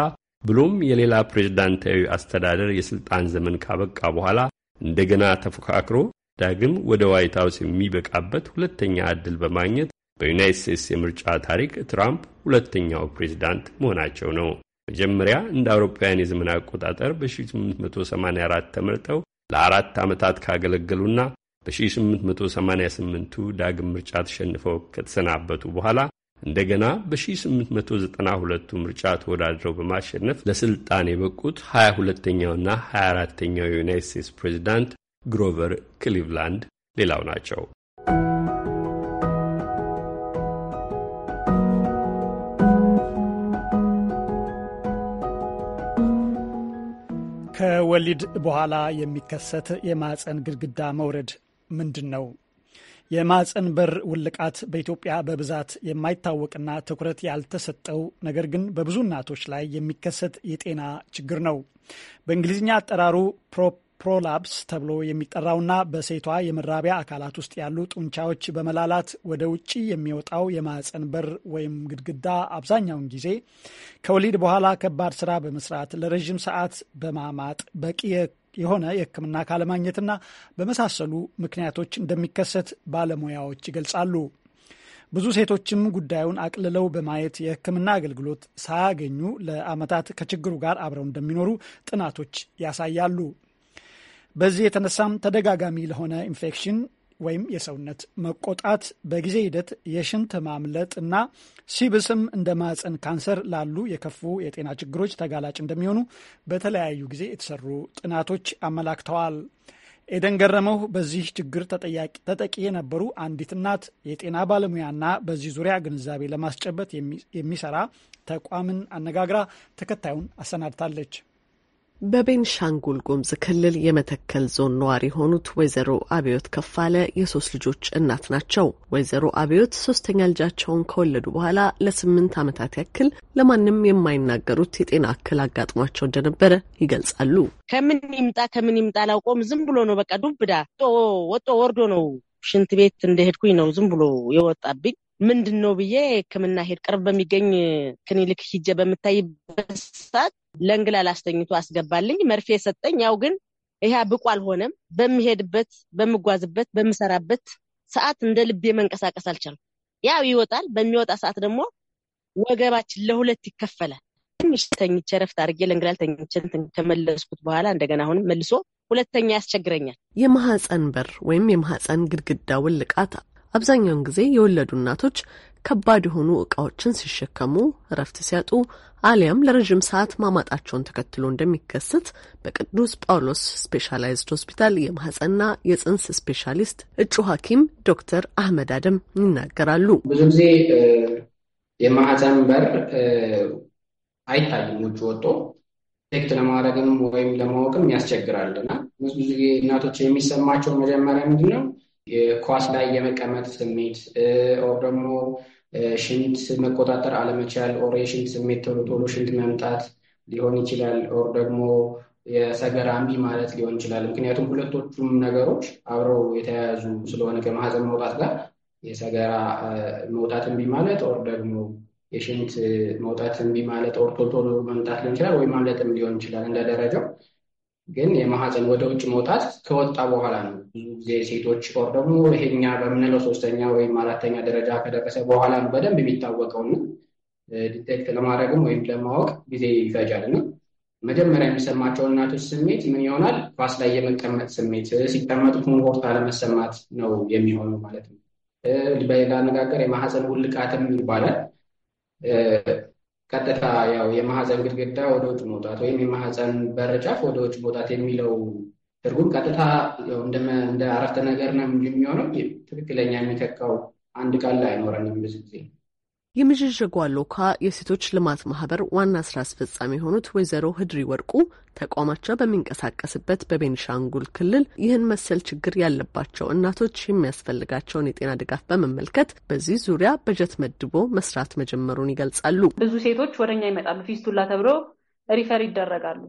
Speaker 11: ብሎም የሌላ ፕሬዝዳንታዊ አስተዳደር የሥልጣን ዘመን ካበቃ በኋላ እንደገና ተፎካክሮ ዳግም ወደ ዋይት ሃውስ የሚበቃበት ሁለተኛ ዕድል በማግኘት በዩናይት ስቴትስ የምርጫ ታሪክ ትራምፕ ሁለተኛው ፕሬዝዳንት መሆናቸው ነው። መጀመሪያ እንደ አውሮፓውያን የዘመን አቆጣጠር በ1884 ተመርጠው ለአራት ዓመታት ካገለገሉና በ1888ቱ ዳግም ምርጫ ተሸንፈው ከተሰናበቱ በኋላ እንደገና በ1892 ምርጫ ተወዳድረው በማሸነፍ ለስልጣን የበቁት 22ተኛውና 24ተኛው የዩናይት ስቴትስ ፕሬዚዳንት ግሮቨር ክሊቭላንድ ሌላው ናቸው።
Speaker 1: ከወሊድ በኋላ የሚከሰት የማፀን ግድግዳ መውረድ ምንድን ነው? የማፀን በር ውልቃት በኢትዮጵያ በብዛት የማይታወቅና ትኩረት ያልተሰጠው ነገር ግን በብዙ እናቶች ላይ የሚከሰት የጤና ችግር ነው። በእንግሊዝኛ አጠራሩ ፕሮላፕስ ተብሎ የሚጠራውና በሴቷ የመራቢያ አካላት ውስጥ ያሉ ጡንቻዎች በመላላት ወደ ውጭ የሚወጣው የማፀን በር ወይም ግድግዳ አብዛኛውን ጊዜ ከወሊድ በኋላ ከባድ ስራ በመስራት ለረዥም ሰዓት በማማጥ በቂ የሆነ የሕክምና ካለማግኘትና በመሳሰሉ ምክንያቶች እንደሚከሰት ባለሙያዎች ይገልጻሉ። ብዙ ሴቶችም ጉዳዩን አቅልለው በማየት የሕክምና አገልግሎት ሳያገኙ ለዓመታት ከችግሩ ጋር አብረው እንደሚኖሩ ጥናቶች ያሳያሉ። በዚህ የተነሳም ተደጋጋሚ ለሆነ ኢንፌክሽን ወይም የሰውነት መቆጣት፣ በጊዜ ሂደት የሽንት ማምለጥ እና ሲብስም እንደ ማፀን ካንሰር ላሉ የከፉ የጤና ችግሮች ተጋላጭ እንደሚሆኑ በተለያዩ ጊዜ የተሰሩ ጥናቶች አመላክተዋል። ኤደን ገረመው በዚህ ችግር ተጠቂ የነበሩ አንዲት እናት የጤና ባለሙያና በዚህ ዙሪያ ግንዛቤ ለማስጨበት የሚሰራ ተቋምን አነጋግራ ተከታዩን አሰናድታለች።
Speaker 13: በቤንሻንጉል ጉምዝ ክልል የመተከል ዞን ነዋሪ የሆኑት ወይዘሮ አብዮት ከፋለ የሶስት ልጆች እናት ናቸው። ወይዘሮ አብዮት ሶስተኛ ልጃቸውን ከወለዱ በኋላ ለስምንት ዓመታት ያክል ለማንም የማይናገሩት የጤና እክል አጋጥሟቸው እንደነበረ ይገልጻሉ።
Speaker 14: ከምን ይምጣ ከምን ይምጣ አላውቀውም። ዝም ብሎ ነው በቃ ዱብዳ ወጦ ወርዶ ነው። ሽንት ቤት እንደሄድኩኝ ነው ዝም ብሎ የወጣብኝ ምንድን ነው ብዬ ሕክምና ሄድ ቅርብ በሚገኝ ክሊኒክ ሂጄ በምታይበት ሰዓት ለእንግላል አስተኝቶ አስገባልኝ። መርፌ የሰጠኝ ያው ግን ይሄ ብቁ አልሆነም። በምሄድበት፣ በምጓዝበት፣ በምሰራበት ሰዓት እንደ ልቤ መንቀሳቀስ አልቻልም። ያው ይወጣል። በሚወጣ ሰዓት ደግሞ ወገባችን ለሁለት ይከፈላል። ትንሽ ተኝቼ ረፍት አድርጌ ለእንግላል ተኝቼ ከመለስኩት በኋላ እንደገና አሁንም መልሶ ሁለተኛ ያስቸግረኛል።
Speaker 13: የማህፀን በር ወይም የማህፀን ግድግዳ ውልቃት አብዛኛውን ጊዜ የወለዱ እናቶች ከባድ የሆኑ እቃዎችን ሲሸከሙ እረፍት ሲያጡ አሊያም ለረዥም ሰዓት ማማጣቸውን ተከትሎ እንደሚከሰት በቅዱስ ጳውሎስ ስፔሻላይዝድ ሆስፒታል የማህፀንና የጽንስ ስፔሻሊስት እጩ ሐኪም ዶክተር አህመድ አደም ይናገራሉ። ብዙ ጊዜ የማህፀን በር
Speaker 12: አይታይም ውጭ ወጦ ቴክት ለማድረግም ወይም ለማወቅም ያስቸግራልና ብዙ ጊዜ እናቶች የሚሰማቸው መጀመሪያ ምንድን ነው ኳስ ላይ የመቀመጥ ስሜት ኦር ደግሞ ሽንት መቆጣጠር አለመቻል ኦር የሽንት ስሜት ቶሎ ቶሎ ሽንት መምጣት ሊሆን ይችላል። ኦር ደግሞ የሰገራ እምቢ ማለት ሊሆን ይችላል። ምክንያቱም ሁለቶቹም ነገሮች አብረው የተያያዙ ስለሆነ ከማህፀን መውጣት ጋር የሰገራ መውጣት እምቢ ማለት ኦር ደግሞ የሽንት መውጣት እምቢ ማለት ኦር ቶሎ ቶሎ መምጣት ሊሆን ይችላል፣ ወይም ማምለጥም ሊሆን ይችላል እንደ ደረጃው ግን የማህፀን ወደ ውጭ መውጣት ከወጣ በኋላ ነው። ብዙ ጊዜ ሴቶች ጦር ደግሞ ይሄኛ በምንለው ሶስተኛ ወይም አራተኛ ደረጃ ከደረሰ በኋላ ነው በደንብ የሚታወቀውና ዲቴክት ለማድረግም ወይም ለማወቅ ጊዜ ይፈጃልና መጀመሪያ የሚሰማቸው እናቶች ስሜት ምን ይሆናል? ኳስ ላይ የመቀመጥ ስሜት፣ ሲቀመጡ ኮምፎርት አለመሰማት ነው የሚሆነው ማለት ነው። በሌላ አነጋገር የማህፀን ውልቃትም ይባላል። ቀጥታ ያው የማህፀን ግድግዳ ወደ ውጭ መውጣት ወይም የማህፀን በርጫፍ ወደ ውጭ መውጣት የሚለው ትርጉም ቀጥታ እንደ አረፍተ ነገር ነው የሚሆነው። ትክክለኛ የሚተካው አንድ ቃል አይኖረንም ብዙ ጊዜ
Speaker 13: የምዥዥጓ ሎካ የሴቶች ልማት ማህበር ዋና ስራ አስፈጻሚ የሆኑት ወይዘሮ ህድሪ ወርቁ ተቋማቸው በሚንቀሳቀስበት በቤኒሻንጉል ክልል ይህን መሰል ችግር ያለባቸው እናቶች የሚያስፈልጋቸውን የጤና ድጋፍ በመመልከት በዚህ ዙሪያ በጀት መድቦ መስራት መጀመሩን ይገልጻሉ።
Speaker 10: ብዙ ሴቶች ወደኛ ይመጣሉ። ፊስቱላ ተብሎ ሪፈር ይደረጋሉ።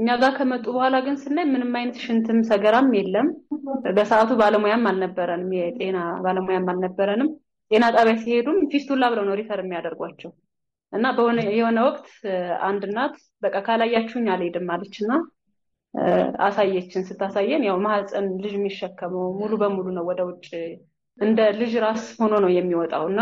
Speaker 10: እኛ ጋር ከመጡ በኋላ ግን ስናይ ምንም አይነት ሽንትም ሰገራም የለም። በሰዓቱ ባለሙያም አልነበረንም፣ የጤና ባለሙያም አልነበረንም። ጤና ጣቢያ ሲሄዱም ፊስቱላ ብለው ነው ሪፈር የሚያደርጓቸው እና የሆነ ወቅት አንድ እናት በቃ ካላያችሁኝ አልሄድም አለች እና አሳየችን። ስታሳየን ያው ማህፀን ልጅ የሚሸከመው ሙሉ በሙሉ ነው ወደ ውጭ እንደ ልጅ ራስ ሆኖ ነው የሚወጣው እና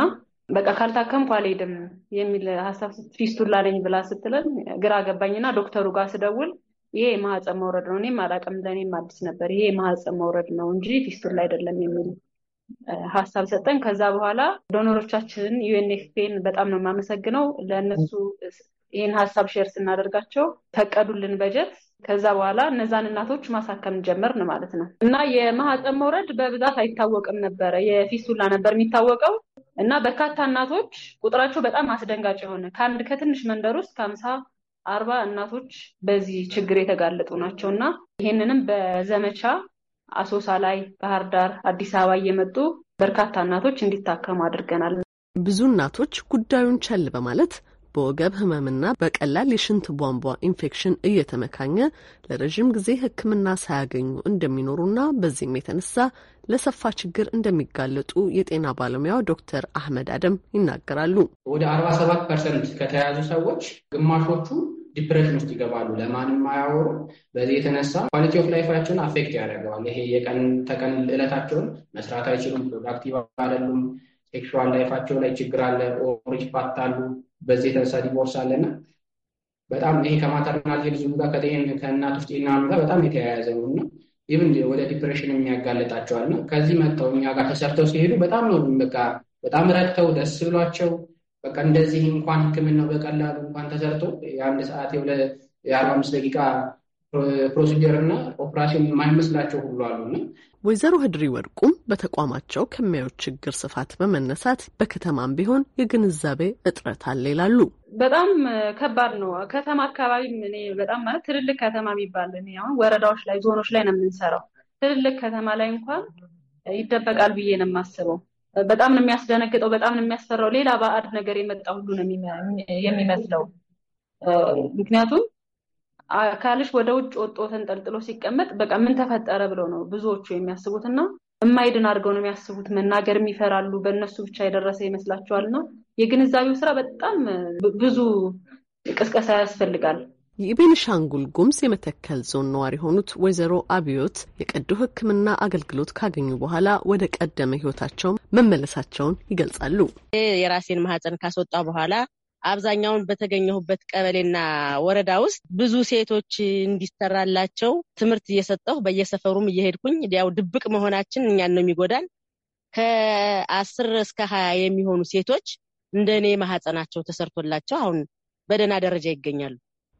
Speaker 10: በቃ ካልታከምኩ አልሄድም የሚል ሀሳብ ፊስቱላ ነኝ ብላ ስትለን ግራ ገባኝና ዶክተሩ ጋር ስደውል ይሄ የማህፀን መውረድ ነው፣ እኔም አላውቅም፣ ለእኔም አዲስ ነበር። ይሄ የማህፀን መውረድ ነው እንጂ ፊስቱላ አይደለም የሚል ሀሳብ ሰጠን። ከዛ በኋላ ዶኖሮቻችንን ዩኤንኤፍፒን በጣም ነው የማመሰግነው። ለእነሱ ይህን ሀሳብ ሼር ስናደርጋቸው ፈቀዱልን በጀት። ከዛ በኋላ እነዛን እናቶች ማሳከም ጀመርን ማለት ነው እና የማህፀን መውረድ በብዛት አይታወቅም ነበረ፣ የፊስቱላ ነበር የሚታወቀው እና በርካታ እናቶች ቁጥራቸው በጣም አስደንጋጭ የሆነ ከአንድ ከትንሽ መንደር ውስጥ ከአምሳ አርባ እናቶች በዚህ ችግር የተጋለጡ ናቸው እና ይህንንም በዘመቻ አሶሳ ላይ፣ ባህር ዳር፣ አዲስ አበባ እየመጡ
Speaker 13: በርካታ እናቶች እንዲታከሙ አድርገናል። ብዙ እናቶች ጉዳዩን ቸል በማለት በወገብ ህመምና በቀላል የሽንት ቧንቧ ኢንፌክሽን እየተመካኘ ለረዥም ጊዜ ሕክምና ሳያገኙ እንደሚኖሩና በዚህም የተነሳ ለሰፋ ችግር እንደሚጋለጡ የጤና ባለሙያው ዶክተር አህመድ አደም ይናገራሉ። ወደ አርባ ሰባት ፐርሰንት
Speaker 12: ከተያያዙ ሰዎች ግማሾቹ ዲፕሬሽን ውስጥ ይገባሉ። ለማንም አያወሩ። በዚህ የተነሳ ኳሊቲ ኦፍ ላይፋቸውን አፌክት ያደርገዋል። ይሄ የቀን ተቀን እለታቸውን መስራት አይችሉም። ፕሮዳክቲቭ አይደሉም። ሴክሹዋል ላይፋቸው ላይ ችግር አለ። ኦሪጅ ፓታሉ። በዚህ የተነሳ ዲቮርስ አለና በጣም ይሄ ከማተርናል ሄልዝም ጋር ከእናት ውስጥ ናሉ ጋር በጣም የተያያዘ ነው እና ወደ ዲፕሬሽን የሚያጋልጣቸዋል። ከዚህ መጥተው እኛ ጋር ተሰርተው ሲሄዱ በጣም ነው በቃ በጣም ረድተው ደስ ብሏቸው በቃ እንደዚህ እንኳን ህክምናው በቀላሉ እንኳን ተሰርቶ የአንድ ሰዓት የአርባ አምስት ደቂቃ ፕሮሲጀር እና ኦፕራሽን የማይመስላቸው
Speaker 13: ሁሉ አሉና ወይዘሮ ህድሪ ወርቁም በተቋማቸው ከሚያዩት ችግር ስፋት በመነሳት በከተማም ቢሆን የግንዛቤ እጥረት አለ ይላሉ።
Speaker 10: በጣም ከባድ ነው። ከተማ አካባቢ እኔ በጣም ማለት ትልልቅ ከተማ የሚባል አሁን ወረዳዎች ላይ ዞኖች ላይ ነው የምንሰራው። ትልልቅ ከተማ ላይ እንኳን ይደበቃል ብዬ ነው የማስበው። በጣም ነው የሚያስደነግጠው። በጣም ነው የሚያስፈራው። ሌላ ባዕድ ነገር የመጣ ሁሉ ነው የሚመስለው። ምክንያቱም አካልሽ ወደ ውጭ ወጦ ተንጠልጥሎ ሲቀመጥ በቃ ምን ተፈጠረ ብለው ነው ብዙዎቹ የሚያስቡት እና የማይድን አድርገው ነው የሚያስቡት። መናገርም ይፈራሉ። በእነሱ ብቻ የደረሰ ይመስላቸዋል እና የግንዛቤው ስራ በጣም ብዙ ቅስቀሳ ያስፈልጋል።
Speaker 13: የቤንሻንጉል ጉምዝ የመተከል ዞን ነዋሪ የሆኑት ወይዘሮ አብዮት የቀዶ ሕክምና አገልግሎት ካገኙ በኋላ ወደ ቀደመ ህይወታቸው መመለሳቸውን ይገልጻሉ።
Speaker 14: የራሴን ማህፀን ካስወጣ በኋላ አብዛኛውን በተገኘሁበት ቀበሌና ወረዳ ውስጥ ብዙ ሴቶች እንዲሰራላቸው ትምህርት እየሰጠሁ በየሰፈሩም እየሄድኩኝ ያው ድብቅ መሆናችን እኛን ነው የሚጎዳን። ከአስር እስከ ሀያ የሚሆኑ ሴቶች እንደኔ ማህፀናቸው ተሰርቶላቸው አሁን በደህና ደረጃ ይገኛሉ።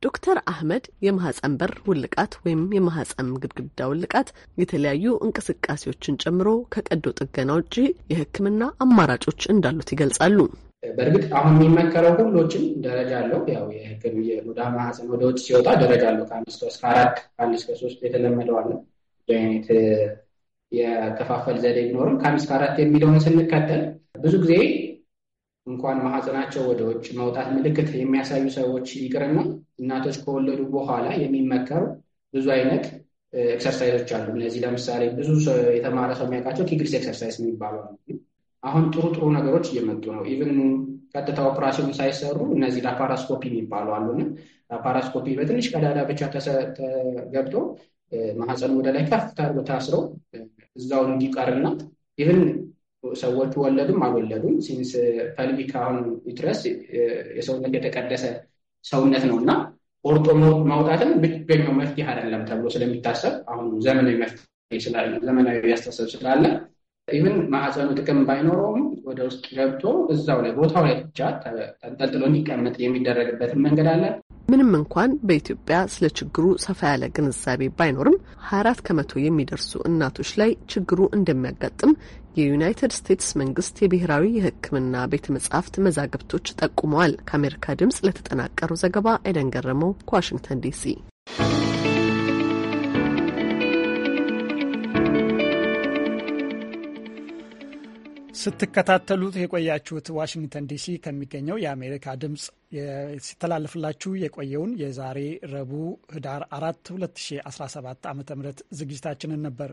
Speaker 13: ዶክተር አህመድ የማህፀን በር ውልቃት ወይም የማህፀን ግድግዳ ውልቃት የተለያዩ እንቅስቃሴዎችን ጨምሮ ከቀዶ ጥገና ውጭ የሕክምና አማራጮች እንዳሉት ይገልጻሉ።
Speaker 12: በእርግጥ አሁን የሚመከረው ሁሎችም ደረጃ አለው። ያው የህክም የሙዳ ማህፀን ወደ ውጭ ሲወጣ ደረጃ አለው። ከአንድ እስከ እስከ አራት ከአንድ እስከ ሶስት የተለመደው አለ። አይነት የከፋፈል ዘዴ ቢኖርም ከአንድ እስከ አራት የሚለውን ስንከተል ብዙ ጊዜ እንኳን ማህፀናቸው ወደ ውጭ መውጣት ምልክት የሚያሳዩ ሰዎች ይቅርና እናቶች ከወለዱ በኋላ የሚመከሩ ብዙ አይነት ኤክሰርሳይዞች አሉ። እነዚህ ለምሳሌ ብዙ የተማረ ሰው የሚያውቃቸው ኪግልስ ኤክሰርሳይዝ የሚባሉ አሁን ጥሩ ጥሩ ነገሮች እየመጡ ነው። ኢቨን ቀጥታ ኦፕራሲዮን ሳይሰሩ እነዚህ ላፓራስኮፒ የሚባሉ አሉና ላፓራስኮፒ በትንሽ ቀዳዳ ብቻ ተገብቶ ማህፀኑ ወደ ላይ ከፍ ታርጎ ታስረው እዛው እንዲቀርና ኢቨን ሰዎቹ ወለዱም አልወለዱም ሲንስ ፐልቪክ አሁን ዩትረስ የሰውነት የተቀደሰ ሰውነት ነው እና ቆርጦ ማውጣትም ብቸኛው መፍትሄ አይደለም ተብሎ ስለሚታሰብ አሁን ዘመናዊ መፍትሄ ስላለ ዘመናዊ ያስተሰብ ስላለ ኢቨን ማዕፀኑ ጥቅም ባይኖረውም ወደ ውስጥ ገብቶ እዛው ላይ ቦታው ላይ ብቻ ተንጠልጥሎ እንዲቀመጥ የሚደረግበትን መንገድ አለ።
Speaker 13: ምንም እንኳን በኢትዮጵያ ስለ ችግሩ ሰፋ ያለ ግንዛቤ ባይኖርም ሀያ አራት ከመቶ የሚደርሱ እናቶች ላይ ችግሩ እንደሚያጋጥም የዩናይትድ ስቴትስ መንግስት የብሔራዊ የሕክምና ቤተ መጻሕፍት መዛግብቶች ጠቁመዋል። ከአሜሪካ ድምጽ ለተጠናቀረው ዘገባ አይደን ገረመው ከዋሽንግተን ዲሲ።
Speaker 1: ስትከታተሉት የቆያችሁት ዋሽንግተን ዲሲ ከሚገኘው የአሜሪካ ድምፅ ሲተላለፍላችሁ የቆየውን የዛሬ ረቡዕ ህዳር 4 2017 ዓ ም ዝግጅታችንን ነበር።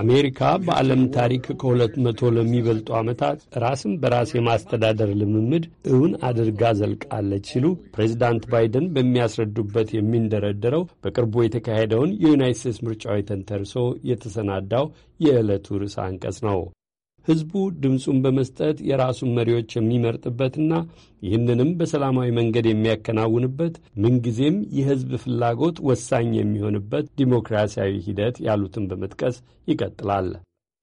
Speaker 2: አሜሪካ
Speaker 11: በዓለም ታሪክ ከሁለት መቶ ለሚበልጡ ዓመታት ራስን በራስ የማስተዳደር ልምምድ እውን አድርጋ ዘልቃለች ሲሉ ፕሬዚዳንት ባይደን በሚያስረዱበት የሚንደረደረው በቅርቡ የተካሄደውን የዩናይት ስቴትስ ምርጫዊ ተንተርሶ የተሰናዳው የዕለቱ ርዕሰ አንቀጽ ነው። ሕዝቡ ድምፁን በመስጠት የራሱን መሪዎች የሚመርጥበትና ይህንንም በሰላማዊ መንገድ የሚያከናውንበት ምንጊዜም የሕዝብ ፍላጎት ወሳኝ የሚሆንበት ዲሞክራሲያዊ ሂደት ያሉትን በመጥቀስ ይቀጥላል።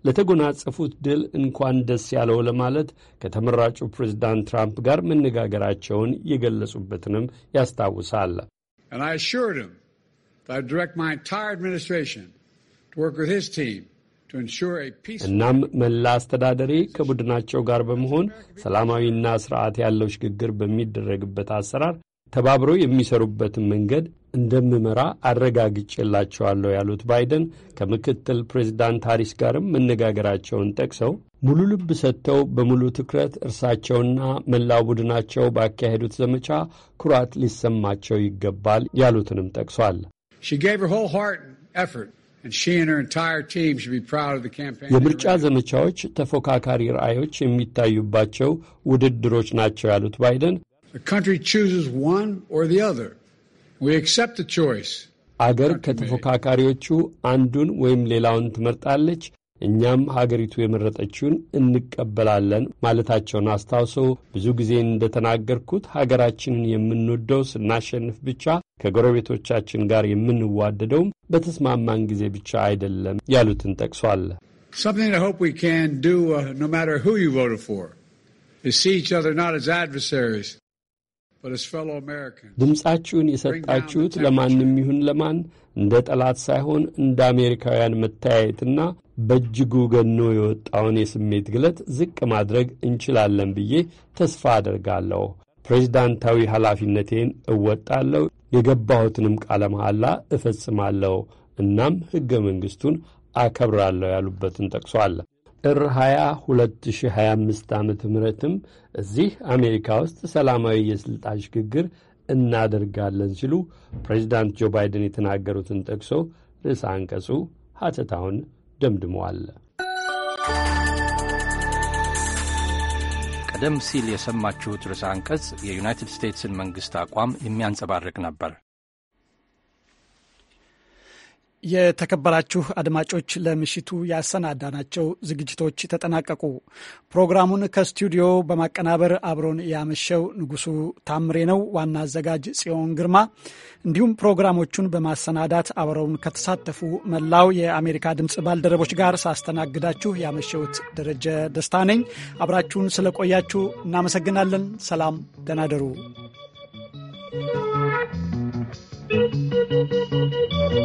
Speaker 11: ለተጎናጸፉት ድል እንኳን ደስ ያለው ለማለት ከተመራጩ ፕሬዝዳንት ትራምፕ ጋር መነጋገራቸውን የገለጹበትንም ያስታውሳል።
Speaker 2: And I assured him እናም
Speaker 11: መላ አስተዳደሬ ከቡድናቸው ጋር በመሆን ሰላማዊና ስርዓት ያለው ሽግግር በሚደረግበት አሰራር ተባብረው የሚሰሩበትን መንገድ እንደምመራ አረጋግጬላቸዋለሁ ያሉት ባይደን ከምክትል ፕሬዚዳንት ሃሪስ ጋርም መነጋገራቸውን ጠቅሰው ሙሉ ልብ ሰጥተው በሙሉ ትኩረት እርሳቸውና መላው ቡድናቸው ባካሄዱት ዘመቻ ኩራት ሊሰማቸው ይገባል ያሉትንም ጠቅሷል። የምርጫ ዘመቻዎች ተፎካካሪ ራዕዮች የሚታዩባቸው ውድድሮች ናቸው ያሉት ባይደን አገር ከተፎካካሪዎቹ አንዱን ወይም ሌላውን ትመርጣለች። እኛም ሀገሪቱ የመረጠችውን እንቀበላለን ማለታቸውን አስታውሰው ብዙ ጊዜ እንደተናገርኩት ሀገራችንን የምንወደው ስናሸንፍ ብቻ ከጎረቤቶቻችን ጋር የምንዋደደውም በተስማማን ጊዜ ብቻ አይደለም ያሉትን ጠቅሷል። ድምፃችሁን የሰጣችሁት ለማንም ይሁን ለማን እንደ ጠላት ሳይሆን እንደ አሜሪካውያን መተያየትና በእጅጉ ገኖ የወጣውን የስሜት ግለት ዝቅ ማድረግ እንችላለን ብዬ ተስፋ አደርጋለሁ። ፕሬዚዳንታዊ ኃላፊነቴን እወጣለሁ፣ የገባሁትንም ቃለ መሐላ እፈጽማለሁ፣ እናም ሕገ መንግሥቱን አከብራለሁ ያሉበትን ጠቅሷል። ጥር 20 2025 ዓ ምትም እዚህ አሜሪካ ውስጥ ሰላማዊ የሥልጣን ሽግግር እናደርጋለን ሲሉ ፕሬዚዳንት ጆ ባይደን የተናገሩትን ጠቅሶ ርዕሰ አንቀጹ ሐተታውን ደምድመዋል።
Speaker 2: ቀደም ሲል የሰማችሁት ርዕሰ አንቀጽ የዩናይትድ ስቴትስን መንግሥት አቋም የሚያንጸባርቅ ነበር።
Speaker 1: የተከበራችሁ አድማጮች ለምሽቱ ያሰናዳናቸው ዝግጅቶች ተጠናቀቁ። ፕሮግራሙን ከስቱዲዮ በማቀናበር አብሮን ያመሸው ንጉሱ ታምሬ ነው። ዋና አዘጋጅ ጽዮን ግርማ፣ እንዲሁም ፕሮግራሞቹን በማሰናዳት አብረውን ከተሳተፉ መላው የአሜሪካ ድምፅ ባልደረቦች ጋር ሳስተናግዳችሁ ያመሸውት ደረጀ ደስታ ነኝ። አብራችሁን ስለቆያችሁ እናመሰግናለን። ሰላም፣ ደህና
Speaker 6: you.